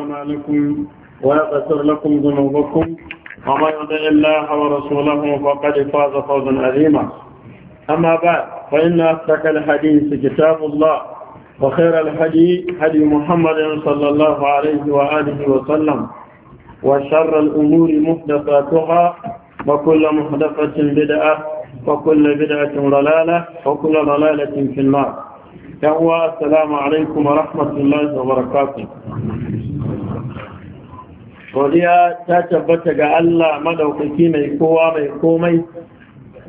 عليكم ويغفر لكم ذنوبكم ومن يطع الله ورسوله فقد فاز فوزا عظيما أما بعد فإن أصدق الحديث كتاب الله وخير الحديث هدي محمد صلى الله عليه وآله وسلم وشر الأمور محدثاتها وكل محدثة بدعة وكل بدعة ضلالة وكل ضلالة في النار يا السلام عليكم ورحمة الله وبركاته godiya ta tabbata ga Allah madaukaki mai kowa mai komai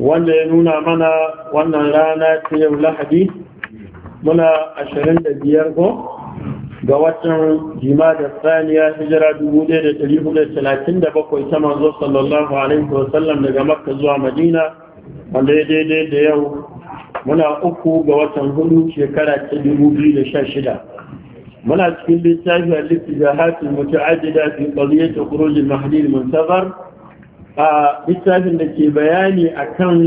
wanda ya nuna mana wannan rana ta yau lahadi muna 25 ko ga watan jima da saniya hijira 1437 ta manzo sallallahu alaihi wasallam daga makka zuwa madina wanda ya daidai da yau muna uku ga watan hudu shekara ta 2016 muna cikin littafi a littijahatin mutu'addida fi qadiyat khuruj al-mahdi al a littafin da ke bayani akan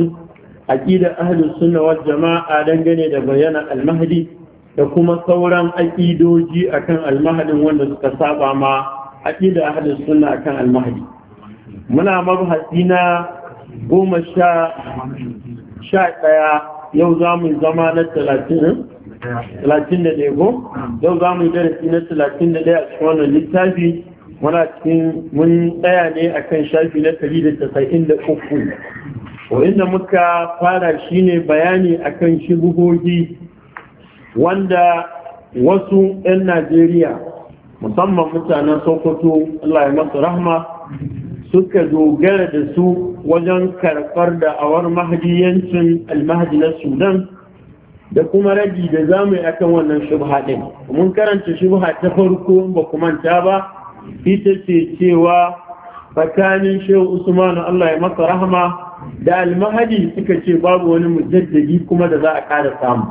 aqidar ahlus sunna wal jama'a dangane da bayanan al-mahdi da kuma sauran aqidoji akan al-mahdin wanda suka saba ma aqidar ahlus sunna akan al-mahdi muna mabhasi na goma sha sha ɗaya yau za mu zama na talatin talatin da ɗaya yau za mu yi darasi na talatin da ɗaya a cikin wannan littafi muna cikin mun tsaya ne a kan shafi na ɗari da tasa'in da uku wanda muka fara shine bayani akan shibuhohi wanda wasu 'yan najeriya musamman mutanen sokoto allah ya masu rahma suka dogara da su wajen karɓar da awar mahadiyancin almahadi na sudan da kuma ragi da za mu yi akan wannan shubha ɗin mun karanta shubha ta farko ba ku manta ba ita ce cewa tsakanin shehu Usman allah ya masa rahama da almahadi suka ce babu wani mujaddadi kuma da za a ƙara samu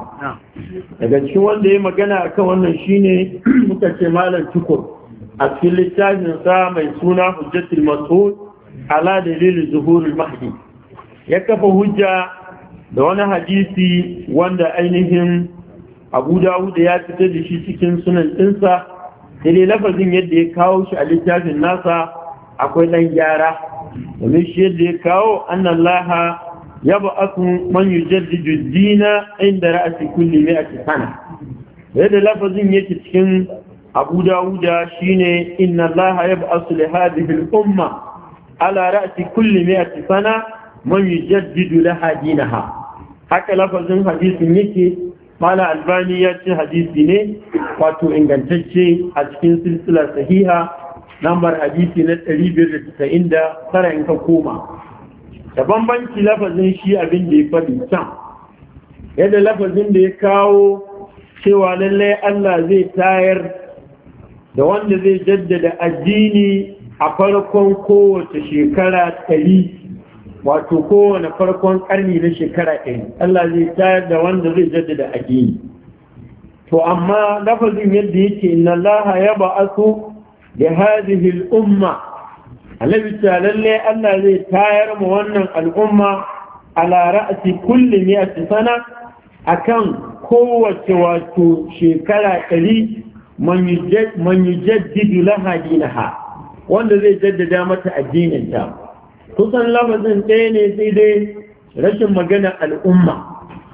daga cikin wanda ya magana kan wannan shine muka ce malam tukur a cikin littafin sa mai suna hujjatul mas'ud ala dalilin zuhurul mahdi ya kafa hujja da wani hadisi wanda ainihin abu dawud ya fita da shi cikin sunan ɗinsa sai dai lafazin yadda ya kawo shi a littafin nasa akwai ɗan gyara domin shi yadda ya kawo annan laha ya ba aku man yi jaddiju dina inda ra'asi kulli mai a sana yadda lafazin yake cikin abu dawuda shine inna laha ya ba asu lihadihin umma ala ra'asi kulli mai a sana man yujaddidu laha dinaha haka lafazin hadisin yake mala albani ya ce hadisi ne wato ingantacce a cikin silsila sahiha lambar hadisi na 599 in ka koma da bambanci lafazin shi abin da ya faɗi can yadda lafazin da ya kawo cewa lallai Allah zai tayar da wanda zai jaddada addini a farkon kowace shekara ɗari wato kowane farkon karni na shekara ɗari Allah zai tayar da wanda zai jaddada addini to amma lafazin yadda yake inna Allah ya ba'athu li hadhihi al-umma annabi ta lalle Allah zai tayar mu wannan al'umma ala ra'si kulli mi'ati sana akan kowace wato shekara ɗari man yujaddidu laha dinaha wanda zai jaddada mata addininta kusan lamazin ɗaya ne sai dai rashin maganar al'umma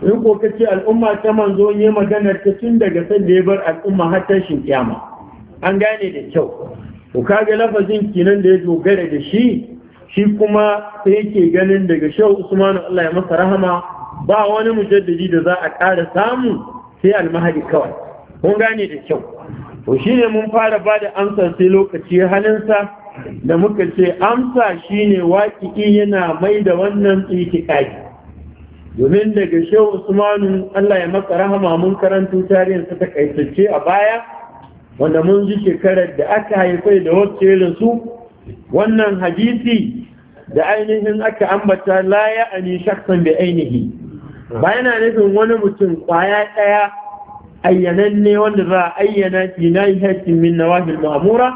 in ko ka ce al'umma ta manzo ne maganar ta tun daga san da ya bar al'umma har tashin kyama an gane da kyau Ko kaga lafazin kinan da ya dogara da shi shi kuma sai yake ganin daga shau usmanu Allah ya masa rahama ba wani mujaddadi da za a ƙara samu sai almahadi kawai kun gane da kyau to shine mun fara ba da amsar sai lokaci halin sa? da muka ce amsa shine waƙiƙi yana mai da wannan itikadi domin daga shehu usmanu Allah ya maka rahama mun karantu tarihin ta kaitacce a baya wanda mun ji shekarar da aka haifai da wacce irin su wannan hadisi da ainihin aka ambata la ya ani shakkan da ainihi ba yana nufin wani mutum kwaya ɗaya ne wanda za a ayyana fi nahiyatin min nawahil ma'mura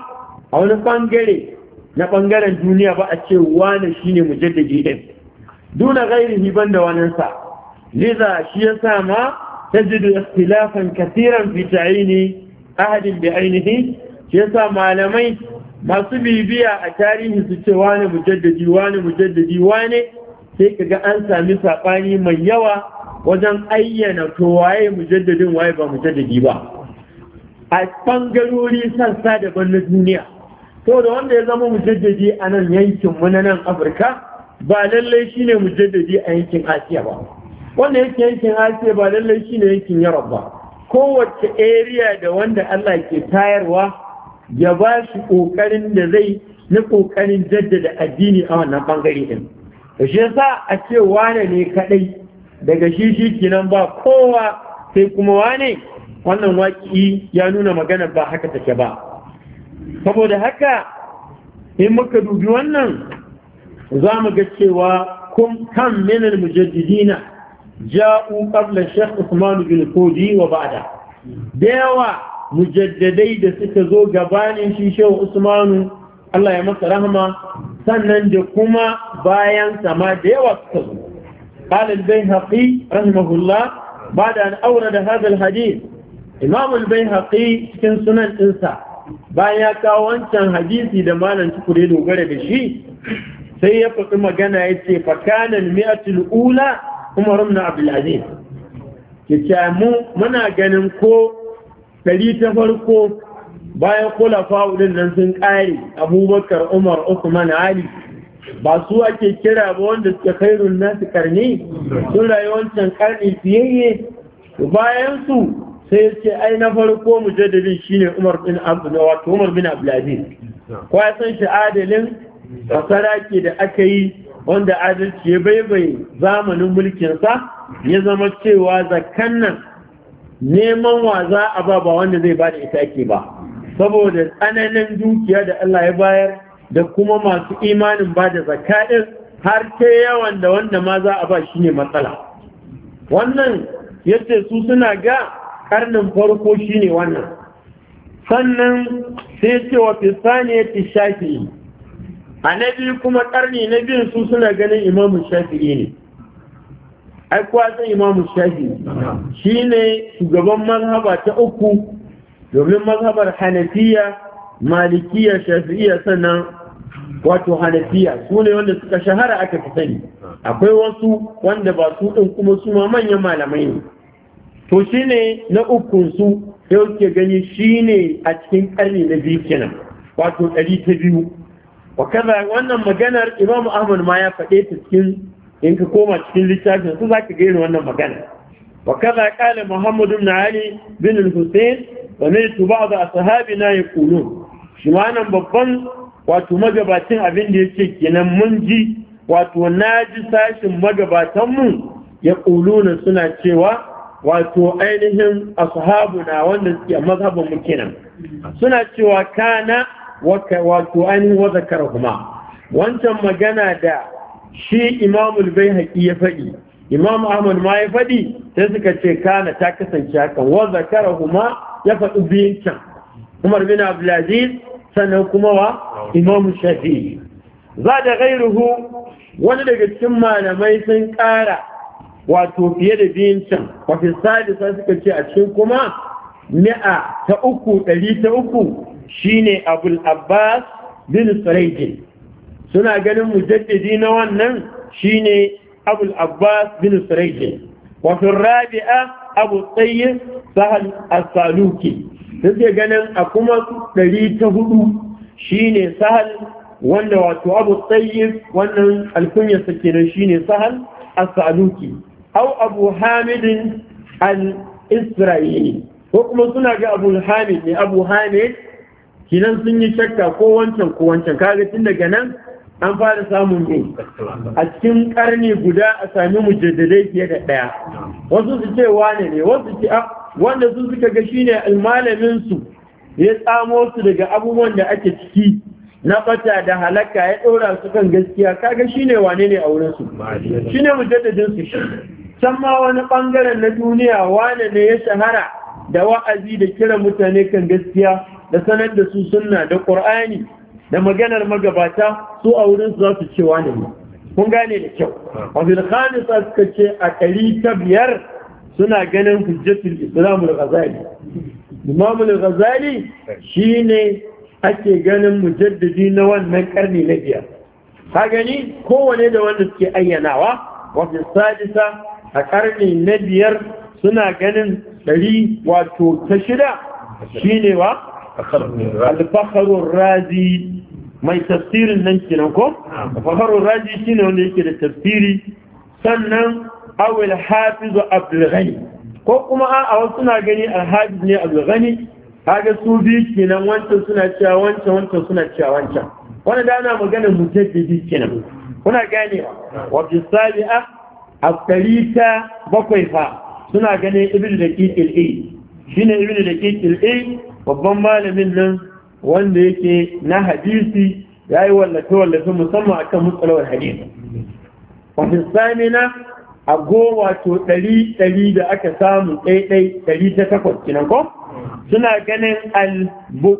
a wani bangare na bangaren duniya ba a ce wane shine mujaddadi din duna da banda waninsa liza shi ya sa ma tajidu ikhtilafan kasiran fita aini ahadin bi ainihi shi sa malamai masu bibiya a tarihi su ce wane mujaddadi wane mujaddadi wane sai kaga an sami saɓani mai yawa wajen ayyana to waye mujaddadin waye ba mujaddadi ba a ɓangarori sassa daban na duniya to da wanda ya zama mujaddadi a nan yankin mu na nan Afirka ba lallai ne mujaddadi a yankin Asiya ba wanda yake yankin Asiya ba lallai ne yankin Yarab ba kowace area da wanda Allah ke tayarwa ya ba shi kokarin da zai na kokarin jaddada addini a wannan bangare din to shi yasa a ce wane ne kadai daga shi shi kenan ba kowa sai kuma wane wannan waki ya nuna magana ba haka take ba saboda haka in muka dubi wannan za mu ga cewa kun kan minar mujaddidina ja'u qabla Sheikh Usman bin wa ba'da da yawa mujaddadai da suka zo gabanin shi Sheikh usmanu Allah ya masa rahama sannan da kuma bayan sama da yawa suka zo قال البيهقي رحمه الله بعد أن أورد هذا الحديث إمام البيهقي في سنن إنسان bayan ya kawo wancan hadisi da malam tukure dogara da shi sai ya faɗi magana ya ce fakanan mi'atul ula umar ibn abdul aziz yace mu muna ganin ko ɗari ta farko bayan kulafa din nan sun kare abubakar umar usman ali ba su ake kira ba wanda suka kairun nasu karni sun rayuwancin karni fiyayye bayan su sai ya ce ai na farko mujaddadin shine Umar bin Abdul wato Umar bin Abdul Aziz ko ya san shi adalin da aka yi wanda adalci ya baibaye zamanin mulkin sa ya zama cewa zakkan nan neman wa za a ba ba wanda zai bada ita ake ba saboda tsananin dukiya da Allah ya bayar da kuma masu imanin bada da har ke yawan da wanda ma za a ba shine matsala wannan yace su suna ga karnin farko shi ne wannan sannan sai ce wa shafi a shafi'i biyu kuma karni na biyun su suna ganin imamun shafi ne ai kuwa imamun shafi Shi ne shugaban mazhaba ta uku domin mazhabar hanafiya malikiya shafi'iya sannan wato hanafiya su ne wanda suka shahara aka fi sani akwai wasu wanda ba su ɗin kuma su ma manyan malamai ne to shi ne na ukunsu ya wuce gani shi ne a cikin karni na biyu kenan wato ɗari ta biyu wa kaza wannan maganar imam ahmad ma ya faɗe ta cikin in ka koma cikin littafin su za ka gaira wannan magana wa kaza kala muhammad ibn ali bin al-husayn a sahabi na ya yaqulun shi ma nan babban wato magabacin abin da ya ce kenan mun ji wato na ji sashin magabatanmu ya kuluna suna cewa wato ainihin na wannan ya mazhabin mu suna cewa kana wato ainihin wa zakarhuma wancan magana da shi imamul baihaqi ya faɗi imam ahmad ma ya faɗi sai suka ce kana ta kasance hakan wa zakarhuma ya faɗi biyun can umar bin abdulaziz sannan kuma wa imam shafi'i za da gairuhu wani daga cikin malamai sun ƙara wato fiye da biyun can wafin sadisa suka ce a cikin kuma mi'a ta uku ɗari ta uku shine abul abbas bin suraijin suna ganin mujaddidi na wannan shine abul abbas bin suraijin wafin rabi'a abu tsayin sahal asaluki suke ganin a kuma ɗari ta hudu shine sahal wanda wato abu tsayin wannan alkunyarsa kenan shine sahal asaluki أو abu حامد al وكما ko kuma suna ga abu hamid abu hamid kinan sun yi shakka ko wancan ko wancan kaga tun daga nan an fara samun ne a cikin karni guda a sami mujaddadai fiye da ɗaya wasu su ce wane ne wasu ce a wanda su suka ga shine almalamin su ya tsamo su daga abubuwan da ake ciki na bata da halaka ya ɗora su kan gaskiya kaga shine wane ne a wurin su shine mujaddadin su can wani ɓangaren na duniya wane ne ya shahara da wa'azi da kira mutane kan gaskiya da sanar da su sunna da ƙur'ani da maganar magabata su a wurin su za su ce wane ne kun gane da kyau wabil khamisa suka ce a ɗari ta biyar suna ganin hujjatul Islamu al-ghazali imam al-ghazali shine ake ganin mujaddidi na wannan karni na biyar ka gani kowane da wanda suke ayyanawa wafi sadisa a ƙarni na biyar suna ganin ɗari wato ta shida shi ne wa alfaharun razi mai tafsirin nan kenan ko alfaharun razi shi ne wanda yake da tafsiri sannan awil hafizu abdulghani ko kuma a wasu suna gani alhafiz ne abdulghani kaga su biyu kenan wancan suna cewa wancan wancan suna cewa wancan wani da ana maganar mutaddidi kenan kuna gane wa bisabi'a Asali ta bakwai fa suna ganin ibn da ƙiƙil a shi ne ibn da ƙiƙil babban malamin nan wanda yake na hadisi ya yi wallafe-wallafe musamman akan mutsalawar hadisi wafin samina a gowa to ɗari ɗari da aka samu ɗaiɗai ɗari ta takwas kinan ko suna ganin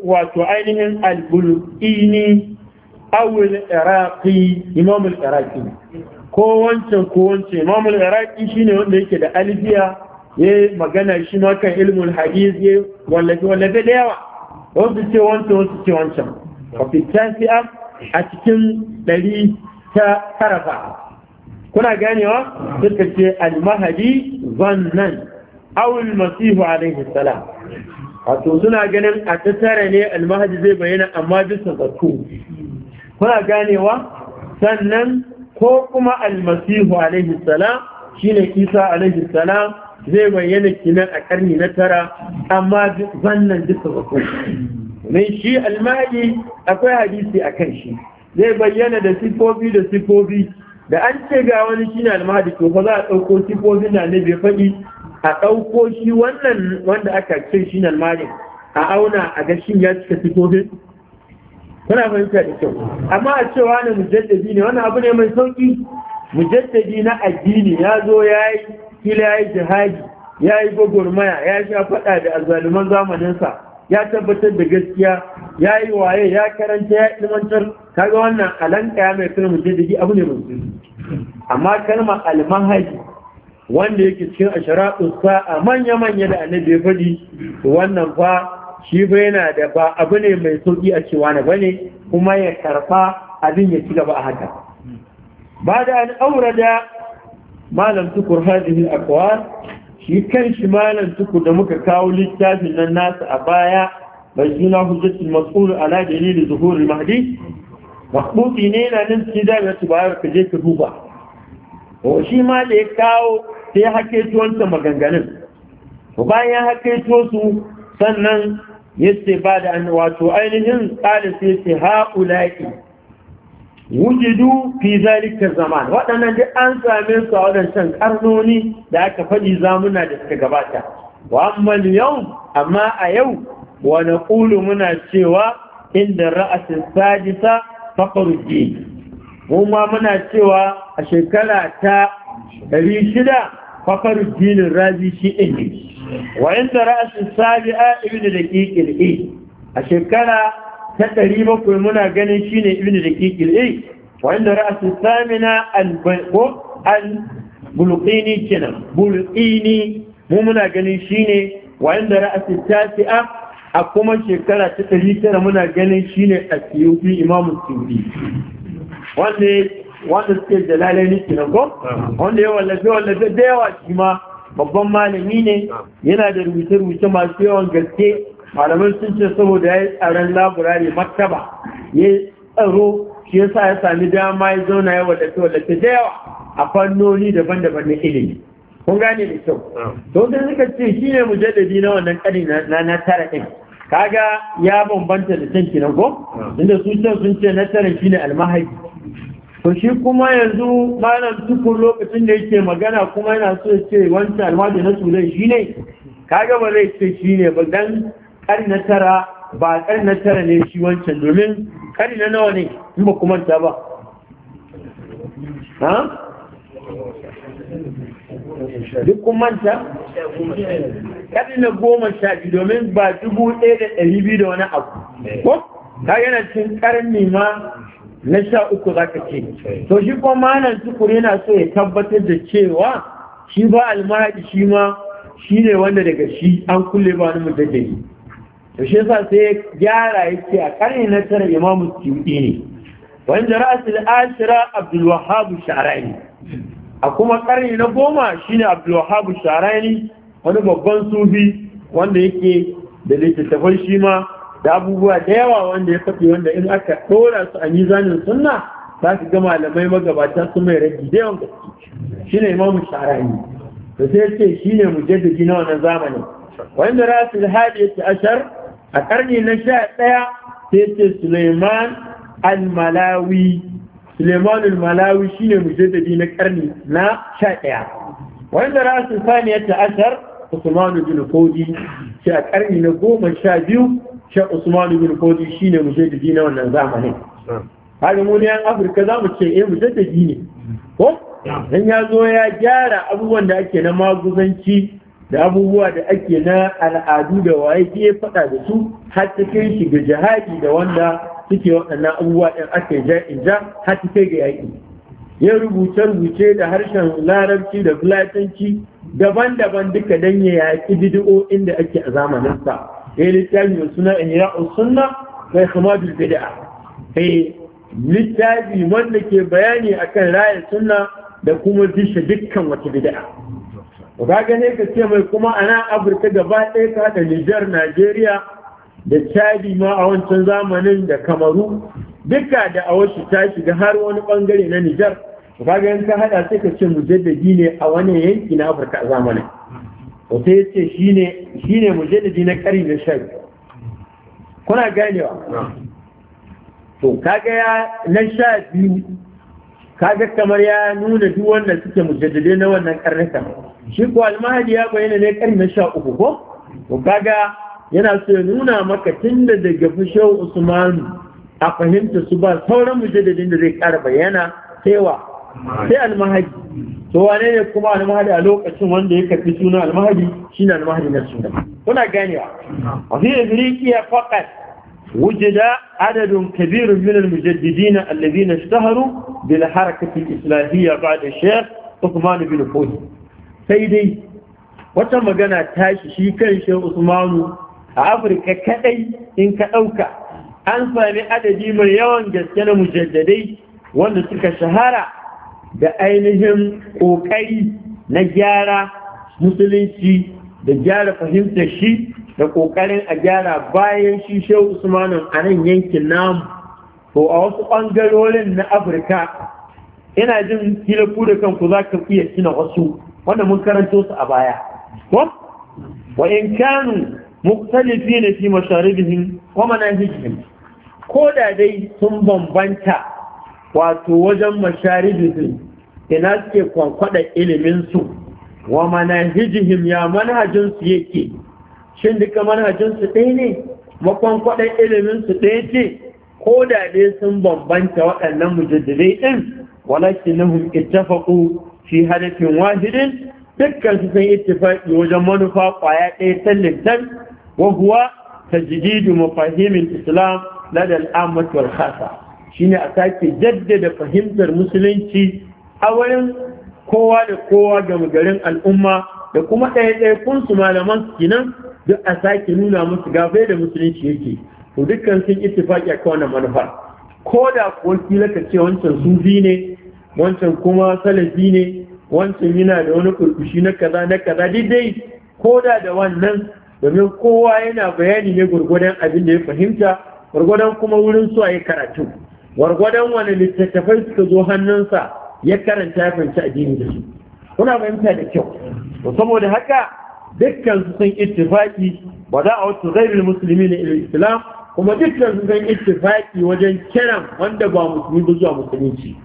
wato ainihin albulini awul iraqi imamul iraqi ko wancan ko wancan imamul iraki shine wanda yake da alfiya ya magana shi ma kan ilmul hadis ya wallafe wallafe da yawa wasu ce wancan wasu ce wancan a a cikin ɗari ta tarafa kuna ganewa suka ce almahadi zannan awul masihu alaihi salam wato suna ganin a ta ne ne almahadi zai bayyana amma bisa zato kuna ganewa sannan ko kuma almasihu alaihi salam shine isa alaihi salam zai bayyana kinan a karni na tara amma zannan duka zato mai shi almadi akwai hadisi a shi zai bayyana da sifofi da sifofi da an ce ga wani shi ne almadi to fa za a ɗauko sifofin da ne bai faɗi a ɗauko shi wannan wanda aka ce ne almadi a auna a ga shin ya cika sifofin kuna fahimta da kyau amma a cewa na mujaddadi ne wannan abu ne mai sauki mujaddadi na addini ya zo ya yi ya yi jihadi ya yi gwagwarmaya ya sha faɗa da alzaluman zamaninsa ya tabbatar da gaskiya ya yi waye ya karanta ya ilmantar kaga wannan alanka ya mai kalmar mujaddadi abu ne mai sauki amma kalmar almahaji wanda yake cikin asharatun sa'a manya-manya da annabi ya faɗi wannan fa shi ba yana da ba abu ne mai sauƙi a cewa na bane kuma ya karfa abin ya ci gaba a haka ba da an aura da malam tukur hadihin akwai shi kan shi malam tukur da muka kawo littafin nan nasa a baya bai suna hujjatul mas'ul ala dalil zuhur mahdi mahbubi ne yana nan cikin jami'a ta bayar ka je ka duba to shi ma da ya kawo sai ya hake wancan maganganun to bayan ya hake su sannan yace ba da an wato ainihin qala sai ce haula'i wujidu fi zalika zaman wadannan duk an same su a wadannan karnoni da aka faɗi zamuna da suka gabata wa amma yau amma a yau wa naqulu muna cewa inda ra'asin sadisa faqruji mu ma muna cewa a shekara ta 600 ne razi shi ne wa inda ra'asin sabi'a ibn da al-i a shekara ta ɗari bakwai muna ganin shine ibn daqiq al-i wa inda ra'asin samina al-bulqo al-bulqini kenan bulqini mu muna ganin shi ne, wa inda ra'asin tasi'a a kuma shekara ta ɗari 900 muna ganin shi ne a asiyubi imamu sudi wanda wanda suke jalalai ne kenan ko wanda ya wallafe wallafe da yawa shi ma babban malami ne yana da rubuce-rubuce masu yawan gaske malaman sun ce saboda ya yi tsaron laburare maktaba ya yi tsaro shi sa ya sami dama ya zauna ya wallace wallace da yawa a fannoni daban-daban na ilimi kun gane da kyau to sai suka ce shi ne mujalladi na wannan kari na na tara ɗin kaga ya bambanta da can na ko inda su sun ce na tara shine almahadi to shi kuma yanzu malam tukun lokacin da yake magana kuma yana so ce wancan almajin na sudan shi ne kaga ba zai ce shi ne ba dan kari na tara ba kari na tara ne shi wancan domin kari na nawa ne in ba kuma ta ba ha duk kun manta kari na goma sha biyu domin ba dubu ɗaya da ɗari biyu da wani abu ko ta yana cin ƙarni ma na sha uku za ka ce to shi kuma ma'anar tukur yana so ya tabbatar da cewa shi ba almahadi shi ma shi ne wanda daga shi an kulle ba wani mutajjali to shi sa sai ya gyara ya ce a karni na tara imamu suyuti ne wanda da ashira Abdulwahabu wahhab a kuma karni na goma shine ne Abdulwahabu sharani wani babban sufi wanda yake da littattafai shi ma da abubuwa da yawa wanda ya faɗi wanda in aka ɗora su a mizanin sunna za su ga malamai magabata su mai rage da yawan gaske shi ne imamu sharani da sai ce shi ne mujaddadi na wannan zamanin wanda rasul hadi ya ashar a ƙarni na sha ɗaya sai ce suleiman al-malawi suleiman al-malawi shi ne mujaddadi na ƙarni na sha ɗaya wanda rasul sani ya ashar usmanu bin fodi shi a ƙarni na goma sha biyu shek usman ibn shi shine mujaddidi na wannan zamanin hali mu ne afirka za mu ce eh mujaddidi ne ko dan ya zo ya gyara abubuwan da ake na maguzanci da abubuwa da ake na al'adu da waye ke faɗa da su har ta kai shi ga jihadi da wanda suke waɗannan abubuwa ɗin ake jainja in har ta kai ga yaƙi ya rubuce rubuce da harshen larabci da fulatanci daban-daban duka dan ya yaƙi bidiyo inda ake a zamaninsa ya eh, littafi mai suna ihya sunna wa ikmadul bid'a eh littafi wanda ke bayani akan rayar sunna da kuma dishe dukkan wata bid'a ka gane ka ce mai kuma a nan afirka gaba ɗaya ka nijar najeriya da chadi ma a wancan zamanin da kamaru duka da a wasu ta shiga har wani ɓangare na nijar ka gane yanka haɗa sai ka ce mujaddadi ne a wani yanki na afirka a zamanin wata ya ce shi ne Shi shine mujallidi na ƙari na shan kuna ganewa to kaga ya na sha biyu kaga kamar ya nuna duk wanda suke mujaddade na wannan karnuka shi ko almahadi ya bayyana ne ƙari na sha uku ko to kaga yana so ya nuna maka tunda daga fushewa usmanu a fahimta su ba sauran mujaddadin da zai ƙara bayyana cewa sai almahadi to wane ne kuma almahadi a lokacin wanda ya karfi suna almahadi shine almahadi na suna kuna ganewa a fi ifriqiya faqat وجد عدد كبير من المجددين الذين اشتهروا بالحركة الإسلامية بعد الشيخ عثمان بن Sai dai, wata magana tashi shi kan shi Usmanu a Afirka kadai in ka ɗauka an sami adadi mai yawan gaske na mujaddadai wanda suka shahara da ainihin ƙoƙari na gyara musulunci da gyara fahimtar shi da ƙoƙarin a gyara bayan shi shehu usmanin a nan yankin namu to a wasu ɓangarorin na afirka ina jin kila ku da kanku za ka iya tuna wasu wanda mun karanto su a baya Ko? wa in kanu muktalifi ne fi masharibihim wa manahijihim ko da dai sun bambanta wato wajen masharibihim ina suke kwankwada iliminsu wa manahijihim ya manhajinsu yake shin duka manhajinsu ɗaya ne makwankwadan iliminsu ɗaya ce ko da dai sun bambanta waɗannan mujaddidai ɗin nahum ittafaqu fi hadafin wahidin dukkan su sun ittifaqi wajen manufa kwaya ɗaya ta littan wa huwa tajdidu mafahimin islam ladal amatu wal khasa shine a sake jaddada fahimtar musulunci a wurin kowa da kowa ga garin al'umma da kuma ɗaya-ɗaya ɗaya su malaman su kinan duk a sake nuna musu gafe da musulunci yake to dukkan sun ittifaki akan wannan manufa ko da kuwa kila ka ce wancan sufi ne wancan kuma salafi ne wancan yana da wani kurkushi na kaza na kaza daidai ko da da wannan domin kowa yana bayani ne gurgudan abin da ya fahimta gurgudan kuma wurin su a yi karatu gwargwadon wani littattafai suka zo hannunsa ya karanta ya fahimci addini da su kuna fahimta da kyau to saboda haka dukkan su sun ittifaki wa za a wasu ghairul musulmi na islam kuma dukkan su sun ittifaki wajen kiran wanda ba musulmi ba zuwa musulunci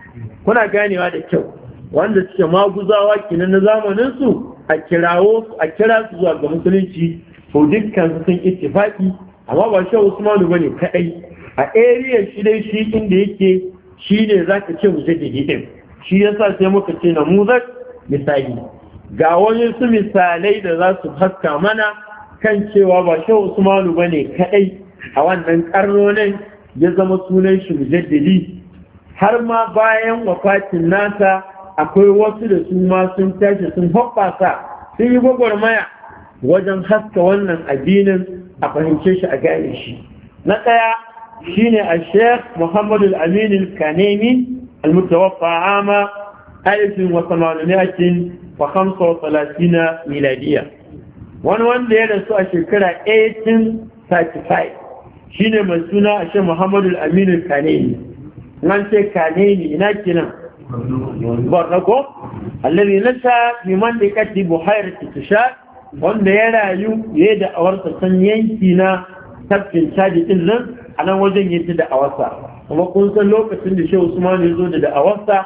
kuna ganewa da kyau wanda suke maguzawa kinan na zamaninsu a kirawo a kira su zuwa ga musulunci to dukkan su sun ittifaki amma ba shi Usmanu bane kadai a area shi dai shi inda yake shi ne za ka ce da ɗin shi yasa sai muka ce na muzar misali ga wani su misalai da za su haska mana kan cewa ba shi usmanu ba ne kaɗai a wannan karnonin ya zama sunan shi mujaddidi har ma bayan wafatin nasa akwai wasu da su ma sun tashi sun hoɓɓasa sun yi gwagwarmaya wajen haska wannan addinin a fahimce shi a gane shi na ɗaya shine al-sheikh Muhammadu al-amin al-kanemi al ama alifin wa wa wa talatina miladiya wani wanda ya rasu a shekara 1835 shine mai suna a sheikh muhammad al-amin al-kanemi nan ce kanemi ina kenan barnako allazi nasa fi mandikati buhairat tishat wanda ya rayu ya da awar san yanki na tafkin caji din nan anan wajen ya da da'awarsa kuma kun san lokacin da shehu usman ya zo da da'awarsa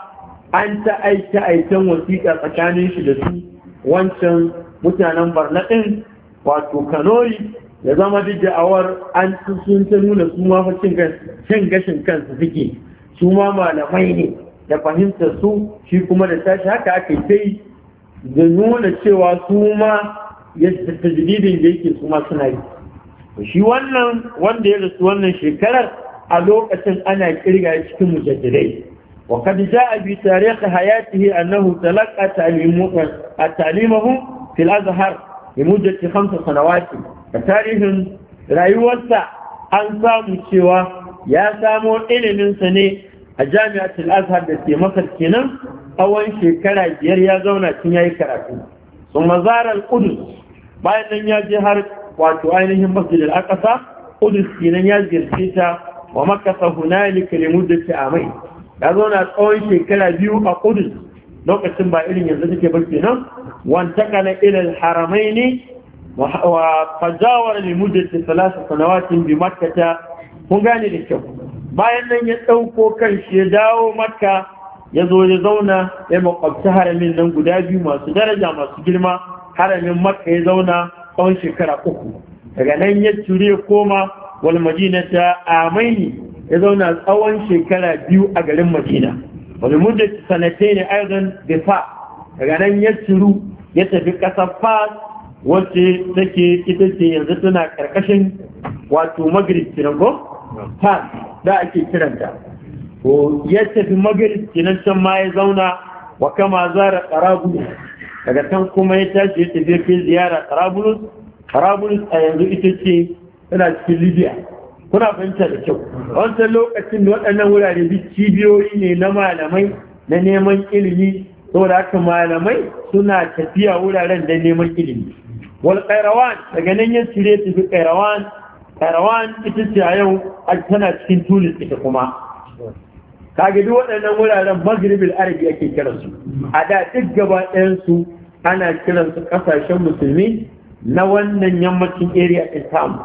an ta aika aikan wasiƙa tsakanin shi da su wancan mutanen barna ɗin wato kanori ya zama duk da'awar an sun ta nuna su ma cin gashin kansu suke su ma malamai ne da fahimtar su shi kuma da tashi haka aka yi sai da nuna cewa su ma yadda tajididin da yake su ma suna yi shi wannan wanda ya rasu wannan shekarar a lokacin ana kirga cikin mujaddidai wa kad jaa bi tarikh hayatihi annahu talaqa ta'limu at-ta'limahu fi al-azhar bi muddati khams sanawat da tarihin rayuwarsa an samu cewa ya samo ilimin sa ne a jami'at al-azhar da ke masar kenan tsawon shekara biyar ya zauna tun yayi karatu sun mazar al-qudus bayan nan ya je har wato ainihin masjid Akasa, aqsa Qudus kenan ya ziyarce ta wa makasa hunalika li muddati amai ya zauna tsawon shekara biyu a Qudus lokacin ba irin yanzu take ba kenan وانتقل إلى الحرمين وتجاور لمدة ta? سنوات gane da kyau. bayan nan ya ɗauko kan shi ya dawo makka ya zo ya zauna ya makwabci haramin nan guda biyu masu daraja masu girma haramin makka ya zauna tsawon shekara uku daga nan ya cire koma wal madina ta amaini ya zauna tsawon shekara biyu a garin madina wani muddin sanatai ne aizan da fa daga nan ya ciru ya tafi ƙasar fas wacce take ita ce yanzu tana ƙarƙashin wato magrib kiran ko fas da ake kiranta ya tafi magrib kiran can ma ya zauna wa kama zara ƙaragu daga can kuma ya tashi ya tafi kai ziyara Karabulus Karabulus a yanzu ita ce tana cikin Libya kuna fahimta da kyau wancan lokacin da waɗannan wurare duk cibiyoyi ne na malamai na neman ilimi saboda haka malamai suna tafiya wuraren da neman ilimi wal qairawan daga nan ya cire fi qairawan qairawan ita ce a yau tana cikin Tunis ita kuma kage duk waɗannan wuraren magribil arabi ake kiransu a da duk gaba su ana kiransu kasashen musulmi na wannan yammacin area ɗin tamu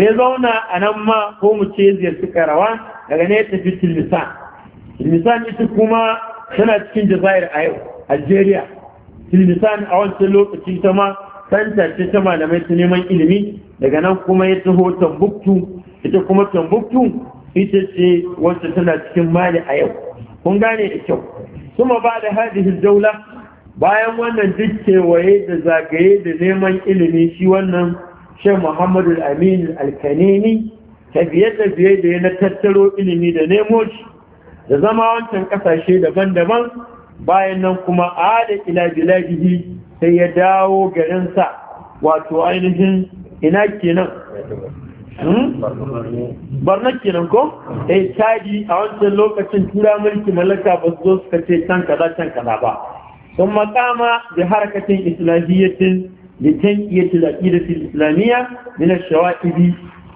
ya zauna a nan ma ko mu ce ziyarci karawa daga ne ya tafi tilmisan tilmisan ita kuma tana cikin jazair a yau algeria tilmisan a wancan lokaci ta ma santa ce ta malamai ta neman ilimi daga nan kuma ya taho tambuktu ita kuma tambuktu ita ce wacce tana cikin mali a yau kun gane da kyau kuma ba da hadihin daula bayan wannan duk kewaye da zagaye da neman ilimi shi wannan shan muhammadu amin alkanini tafiye-tafiye da ya na tattaro ilimi da nemo shi da zama wancan kasashe daban-daban bayan nan kuma ada ila biladihi sai ya dawo garinsa wato ainihin ina kenan hmm? barna kenan ko eh caji a wancan lokacin tura mulki mallaka ba su zo suka ce can kaza can ba sun makama da harkacin islahiyyatin da tankiyatul aqidatul islamiyya min ash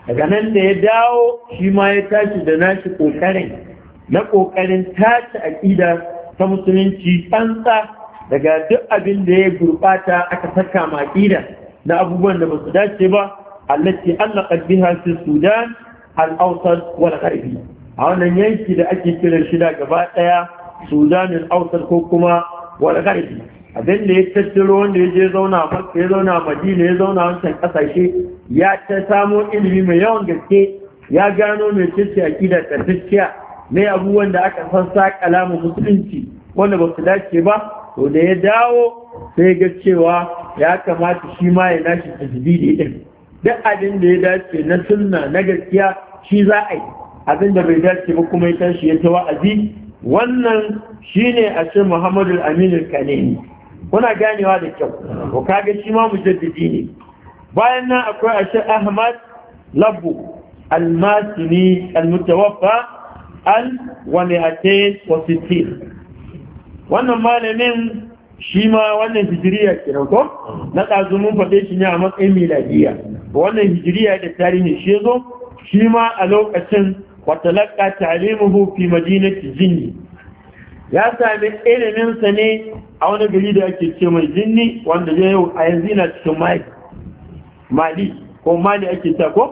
daga nan da ya dawo shi ma ya tashi da nashi ƙoƙarin na kokarin tashi aqida ta musulunci tsantsa daga duk abinda ya gurbata aka saka ma aqida na abubuwan da basu dace ba allati allaqat biha fi sudan al-awsat wal gharbi a wannan yanki da ake kiran shida gabaɗaya gaba sudan al-awsat ko kuma wani garbi abin ya tattaro wanda ya je zauna makka ya zauna madina ya zauna wancan kasashe ya ta samo ilimi mai yawan gaske ya gano mai cikin akida tsarkakiya mai abubuwan da aka san sa mu musulunci wanda ba su dace ba to da ya dawo sai ga cewa ya kamata shi ma ya nashi da din duk abin da ya dace na sunna na gaskiya shi za a yi abin da bai dace ba kuma ya tashi ya ta wa'azi wannan shine a cikin muhammadu aminu kanini kuna ganewa da kyau ko kaga shi ma mujaddidi ne bayan nan akwai a cikin ahmad labbu almasini almutawaffa al wa mi'atain wa wannan malamin shi ma wannan hijiriya kenan ko na ɗazu mun faɗe shi ne a matsayin miladiya wannan hijiriya da tarihin shi zo shi ma a lokacin watalaka ta'limuhu fi madinati zinni ya sami iliminsa ne a wani gari da ake ce mai zinni wanda ya yau a yanzu na cikin mali mali ko mali ake ta ko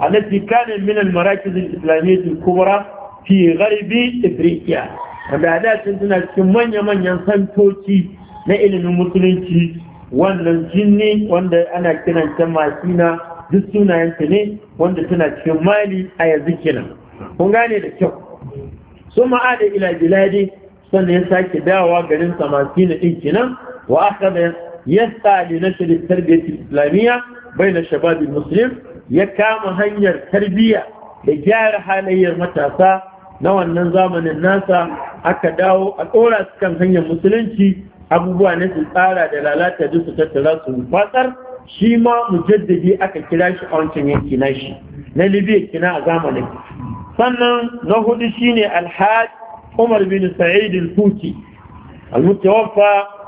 alati kana min al marakiz al al kubra fi gharbi afrika wanda da tun suna cikin manya manyan santoci na ilimin musulunci wannan jinni wanda ana kiranta masina duk sunayenta ne wanda tana cikin mali a yanzu kenan kun gane da kyau sun ma'ada ila biladi sannan ya sake dawowa garin na din kenan wa aka da tsali na shirin tarbiyyar islamiyya bai na shababin muslim ya kama hanyar tarbiyya da gyara halayyar matasa na wannan zamanin nasa aka dawo a ɗora su kan hanyar musulunci abubuwa na su tsara da lalata duk su tattara su fatsar shi ma mujaddadi aka kira shi a wancan yanki na shi na libya kina a zamanin sannan na hudu shine alhaj umar bin sa'id al-kuki al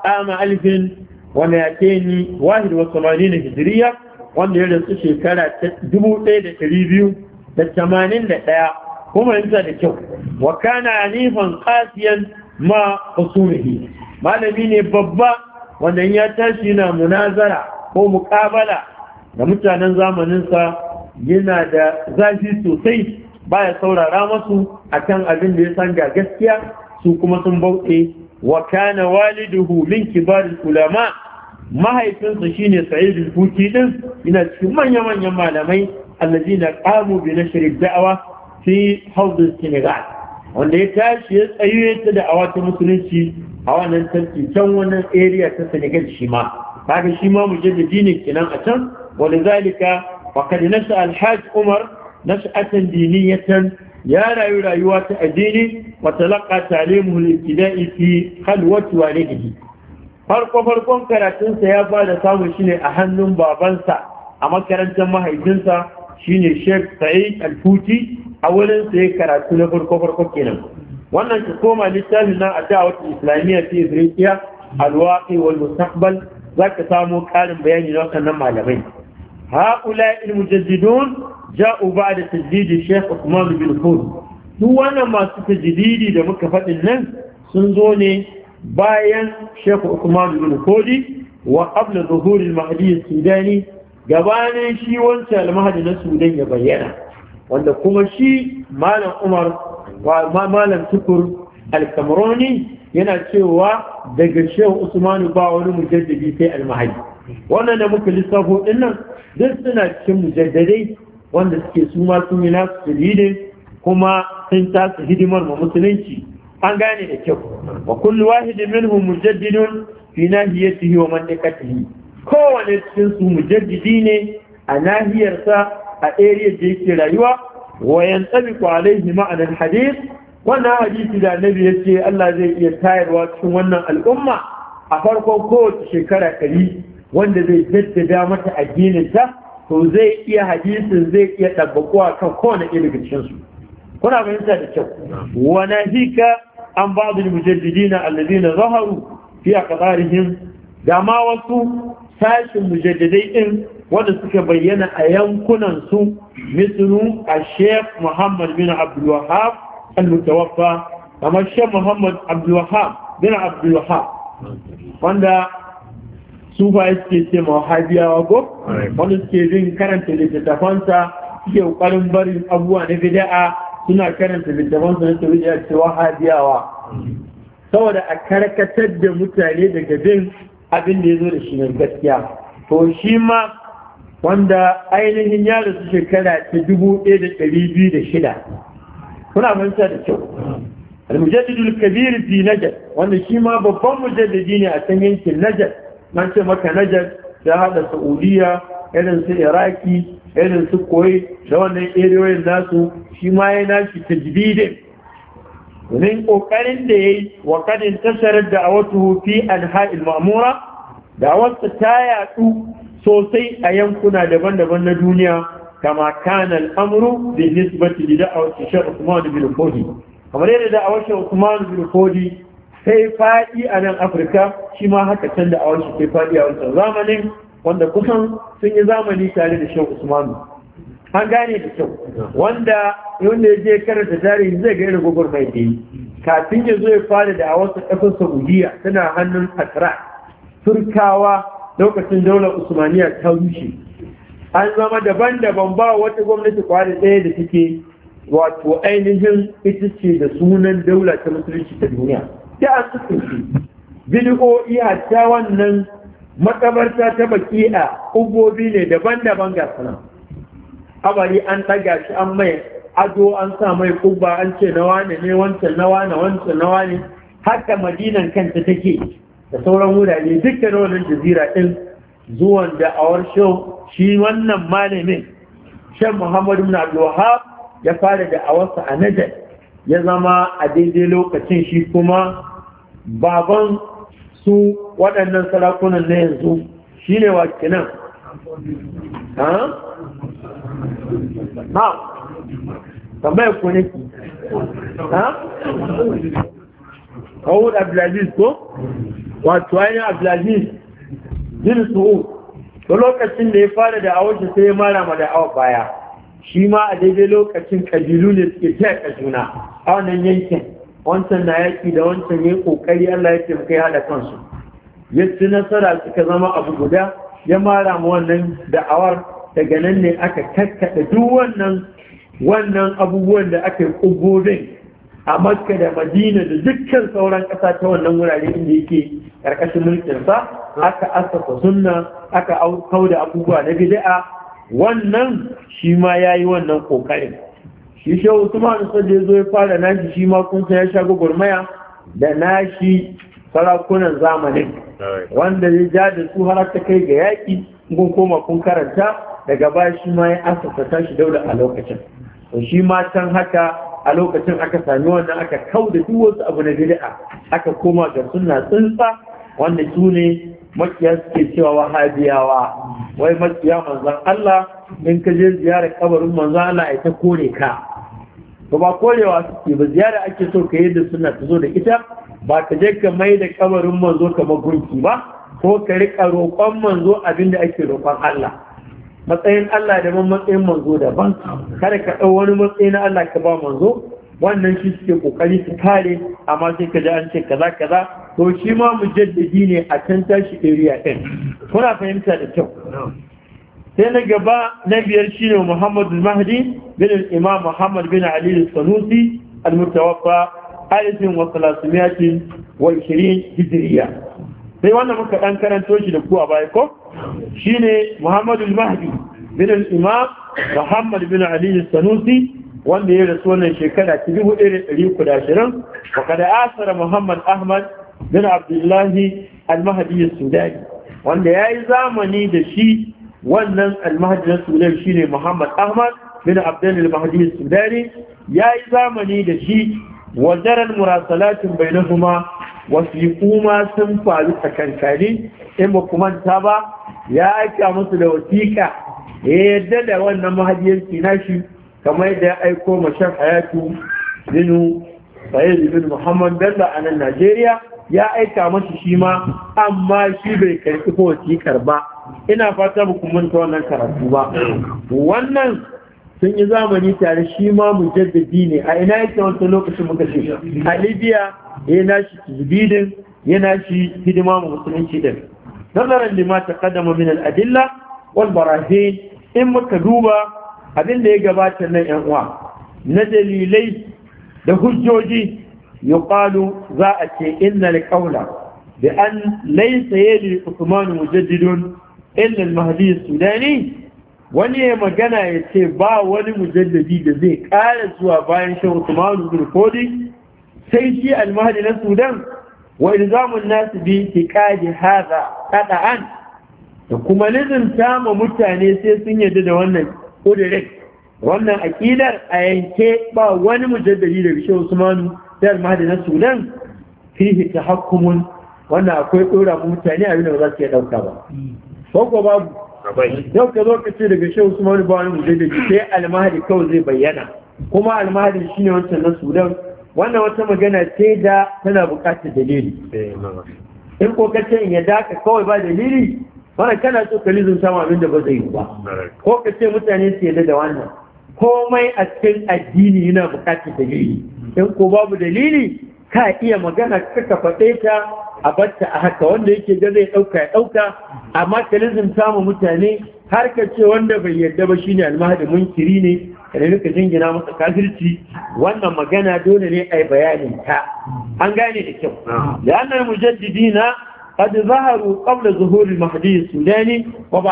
ama alfin wanda ya ke ni wahid wa na hijriya wanda ya rasu shekara ta dubu ɗaya da biyu da tamanin da ɗaya kuma yanzu da kyau wa kana anifan kasiyan ma usulihi malami ne babba wanda ya tashi na munazara ko muƙabala da mutanen zamaninsa yana da zafi sosai baya saurara masu akan abin da ya san ga gaskiya su kuma sun bauɗe wa kana waliduhu min kibarul ulama mahaifinsa shine sa'id al-buti din ina cikin manya manyan malamai allazina qamu bi nashr da'wa fi hawd al-senegal wanda ya tashi ya tsayu ta da'awa ta musulunci a wannan tarki can wannan area ta senegal shi ma kaga shi ma mujaddidi ne kenan a can wa lidhalika wa kad nasha al-hajj umar nash'atan diniyatan ya rayu rayuwa ta addini wa talaqa ta'limuhu al-ibtida'i fi khalwati walidihi farko farkon karatun sa ya bada samu shine a hannun babansa a makarantar mahaifinsa shine Sheikh Sa'id Al-Futi a wurin sa ya karatu na farko farko kenan wannan ki koma littafin a adawat islamiyya fi Idrisiya al-waqi wal mustaqbal zaka samu karin bayani na waɗannan malamai هؤلاء المجددون جاءوا بعد تجديد الشيخ عثمان بن فود duk wannan masu tajididi da muka faɗin nan sun zo ne bayan Sheikh Usman ibn Kodi wa qabla zuhur al-Mahdi al-Sudani gabanin shi wancan al-Mahdi na Sudan ya bayyana wanda kuma shi Malam Umar wa Malam Tukur al-Kamruni yana cewa daga Sheikh Usman ba wani mujaddidi sai al-Mahdi wannan da muka lissafo dinnan duk suna cikin mujaddadai wanda suke su ma sun yi nasu dalilin kuma sun tasu hidimar ma musulunci an gane da kyau wa kullu wahidin minhum mujaddidun fi nahiyatihi wa mantiqatihi kowane cikin su mujaddidi ne a nahiyar sa a area da yake rayuwa wa yantabiqu alaihi ma'anan hadith wannan hadisi da nabi ya ce Allah zai iya tayarwa cikin wannan al'umma a farkon kowace shekara kari wanda zai jaddada mata addininta to zai iya hadisin zai iya ɗabbakuwa kan kowane ilimin cikinsu kuna fahimta da kyau wa hika an ba'd na mujaddidin na zaharu fi aqdarihim da ma wasu sashin mujaddidai din wanda suka bayyana a yankunan su misru al Muhammad bin Abdul Wahhab al-mutawaffa kamar Sheikh Muhammad bin Abdul wanda sufa ba ce ma wahabiyawa ko wani suke bin karanta littattafansa suke ƙoƙarin barin abubuwa na bid'a suna karanta littattafansa na tabi'a ce wahabiyawa saboda a karkatar da mutane daga bin abin da ya zo da shi gaskiya to shi ma wanda ainihin ya rasu shekara ta dubu ɗaya da ɗari biyu da shida kuna manta da kyau al-mujaddidul kabir fi najd wanda shi ma babban mujaddidi ne a can yankin najd an ce maka najar ya haɗa saudiya irin su iraki irin su koyi da wannan eriyoyin nasu shi ma ya nashi ta jibide domin ƙoƙarin da ya yi wa kadin tasharar da a wata hufi an ha'il ma'amura da wasu ta yaɗu sosai a yankuna daban-daban na duniya kama kan al'amuru da nisbati da da'awar shekh Usman bin Fodi kamar yadda da'awar shekh Usman bin Fodi Kai faɗi a nan afirka shi ma haka can da awon shi faɗi a wancan zamanin wanda kusan sun yi zamani tare da shan usmanu an gane da kyau wanda wanda ya je karanta tarihi zai ga irin gugur mai da yi kafin ya zo ya fada da awon sa ƙasar saudiya tana hannun akra turkawa lokacin daular usmaniya ta rushe an zama daban-daban ba wata gwamnati kwari ɗaya da take wato ainihin ita ce da sunan daula ta musulunci ta duniya da an tsinci hatta wannan makabarta ta baki a ubobi ne daban-daban ga sana abari an ɗaga shi an mai ado an sa mai kubba an ce na wane ne wancan na wane wancan na ne haka madinan kanta take da sauran wurare dukkan wannan jazira din zuwan da awar show shi wannan malamin shan muhammadu na doha ya fara da awarsa a najar ya zama a daidai lokacin shi kuma baban su waɗannan sarakunan na yanzu shi ne wa kinan ha? tambayar ku ne ki ha? kawun abdulaziz ko? wato ainihin abdulaziz jin su'u ta lokacin da ya fara da awon shi sai ya mara ma da awon baya shi ma a daidai lokacin kabilu ne suke ta ka juna a wannan yankin wancan na yaki da wancan ya kokari Allah ya taimaka ya hada kansu ya ci nasara suka zama abu guda ya mara mu wannan da'awar daga nan ne aka kakkaɗa duk wannan wannan abubuwan da aka yi ƙubobin a makka da madina da dukkan sauran ƙasa ta wannan wurare inda yake ƙarƙashin mulkinsa aka asasa sunna aka kau da abubuwa na bid'a wannan shi ma ya yi wannan kokarin shi shi usman sai ya zo ya fara nashi shi ma kun ya sha gwagwarmaya da nashi sarakunan zamanin wanda ya ja da su har ta kai ga yaƙi kun koma kun karanta daga baya shi ma ya asasa tashi dauda a lokacin to shi ma can haka a lokacin aka sami wannan aka kau da duk wasu abu na bid'a aka koma ga sunna tsuntsa wanda su ne makiya suke cewa wahabiyawa wai makiya manzan Allah in ka je ziyarar kabarin manzan Allah ai ta kore ka to ba korewa suke ba ziyara ake so ka yi da suna ta zo da ita ba ka je ka mai da kabarin manzo ka magunki ba ko ka riƙa roƙon manzo abin da ake roƙon Allah matsayin Allah daban matsayin manzo daban kada ka ɗau wani matsayi na Allah ka ba manzo wannan shi suke ƙoƙari su kare amma sai ka je an ce kaza kaza to shi ma mujaddadi ne a can tashi area ɗin kuna fahimta da kyau sai na gaba na biyar shine Muhammadu Mahdi bin Imam Muhammad bin Ali Sanusi al-Mutawaffa alifin wa salasumiyatin wa ishirin hijiriya sai wannan muka dan karanto shi da ku a baya ko shine Muhammadu Mahdi bin Imam Muhammad bin Ali Sanusi wanda ya rasu wannan shekara 1420 wa kada asara Muhammad Ahmad bin abdullahi almahadi sudani wanda ya yi zamani da shi wannan almahadi na sudani shine muhammad ahmad bin abdullahi sudani ya yi zamani da shi wajarar murasalatin bai na kuma wasu kuma sun faru tsakankani in ba kuma ta ba ya aika musu da wasiƙa ya yarda da wannan na shi kamar da ya aiko mashar hayatu binu sayyid bin muhammad bello a nan najeriya ya aika masa shi ma amma shi bai karfi ko wasikar ba ina fata ba mun ta wannan karatu ba wannan sun yi zamani tare shi ma mu jaddadi ne a ina yake wata lokacin muka ce a libya yana shi tijibidin yana shi hidima ma musulunci din nazarin lima ta kadama min al'adilla wal barahin in muka duba abin da ya gabata nan yan uwa na dalilai da hujjoji yuqalu za a ce innal qawla bi an laysa yali usman mujaddidun illa al-mahdi sudani wani ya magana ya ce ba wani mujaddadi da zai ƙara zuwa bayan shan usman bin sai shi al-mahdi na sudan wa ilzamun nasu bi tiqadi hadha da kuma lizinta ma mutane sai sun yarda da wannan kudirin wannan aƙidar a yanke ba wani mujaddadi da bishe usmanu sai almahadi na sudan fihi ta hakkumun wannan akwai ɗora mutane abin da ba za su iya ɗauka ba ko babu yau ka zo ka ce daga shehu usman bawani mu da sai almahadi kawai zai bayyana kuma almahadi shine wancan na sudan wannan wata magana ce da tana buƙatar dalili eh, in ko ka ce ya daka kawai ba dalili wannan kana so ka lizin samu abin da ba zai yi ba ko ka ce mutane su yadda da wannan komai a cikin addini yana bukatar dalili in ko babu dalili ka iya magana ka faɗe ta a batta a haka wanda yake ga zai ɗauka ya ɗauka amma kalizin samun mutane har ka ce wanda bai yarda ba shine almahadi munkiri ne ka nemi ka jingina masa kafirci wannan magana dole ne ai bayanin ta an gane da kyau da annal mujaddidina qad zaharu qabla zuhuri mahdi sudani wa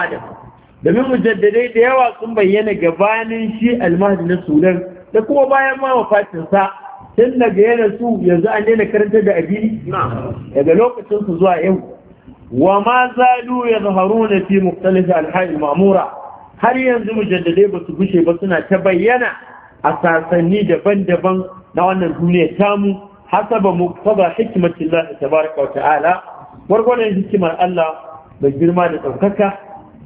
domin mujaddadai da yawa sun bayyana gabanin shi almahdi na sunan da kuma bayan ma wafatinsa tun daga yana su yanzu an daina karanta da addini daga lokacin su zuwa yau wa ma zalu yadhharuna fi mukhtalif al ma'mura har yanzu mujaddadai ba su gushe ba suna ta bayyana a daban-daban na wannan duniya tamu hasaba muktaba hikmatillah tabaraka wa ta'ala gwargwadon hikimar Allah mai girma da ɗaukaka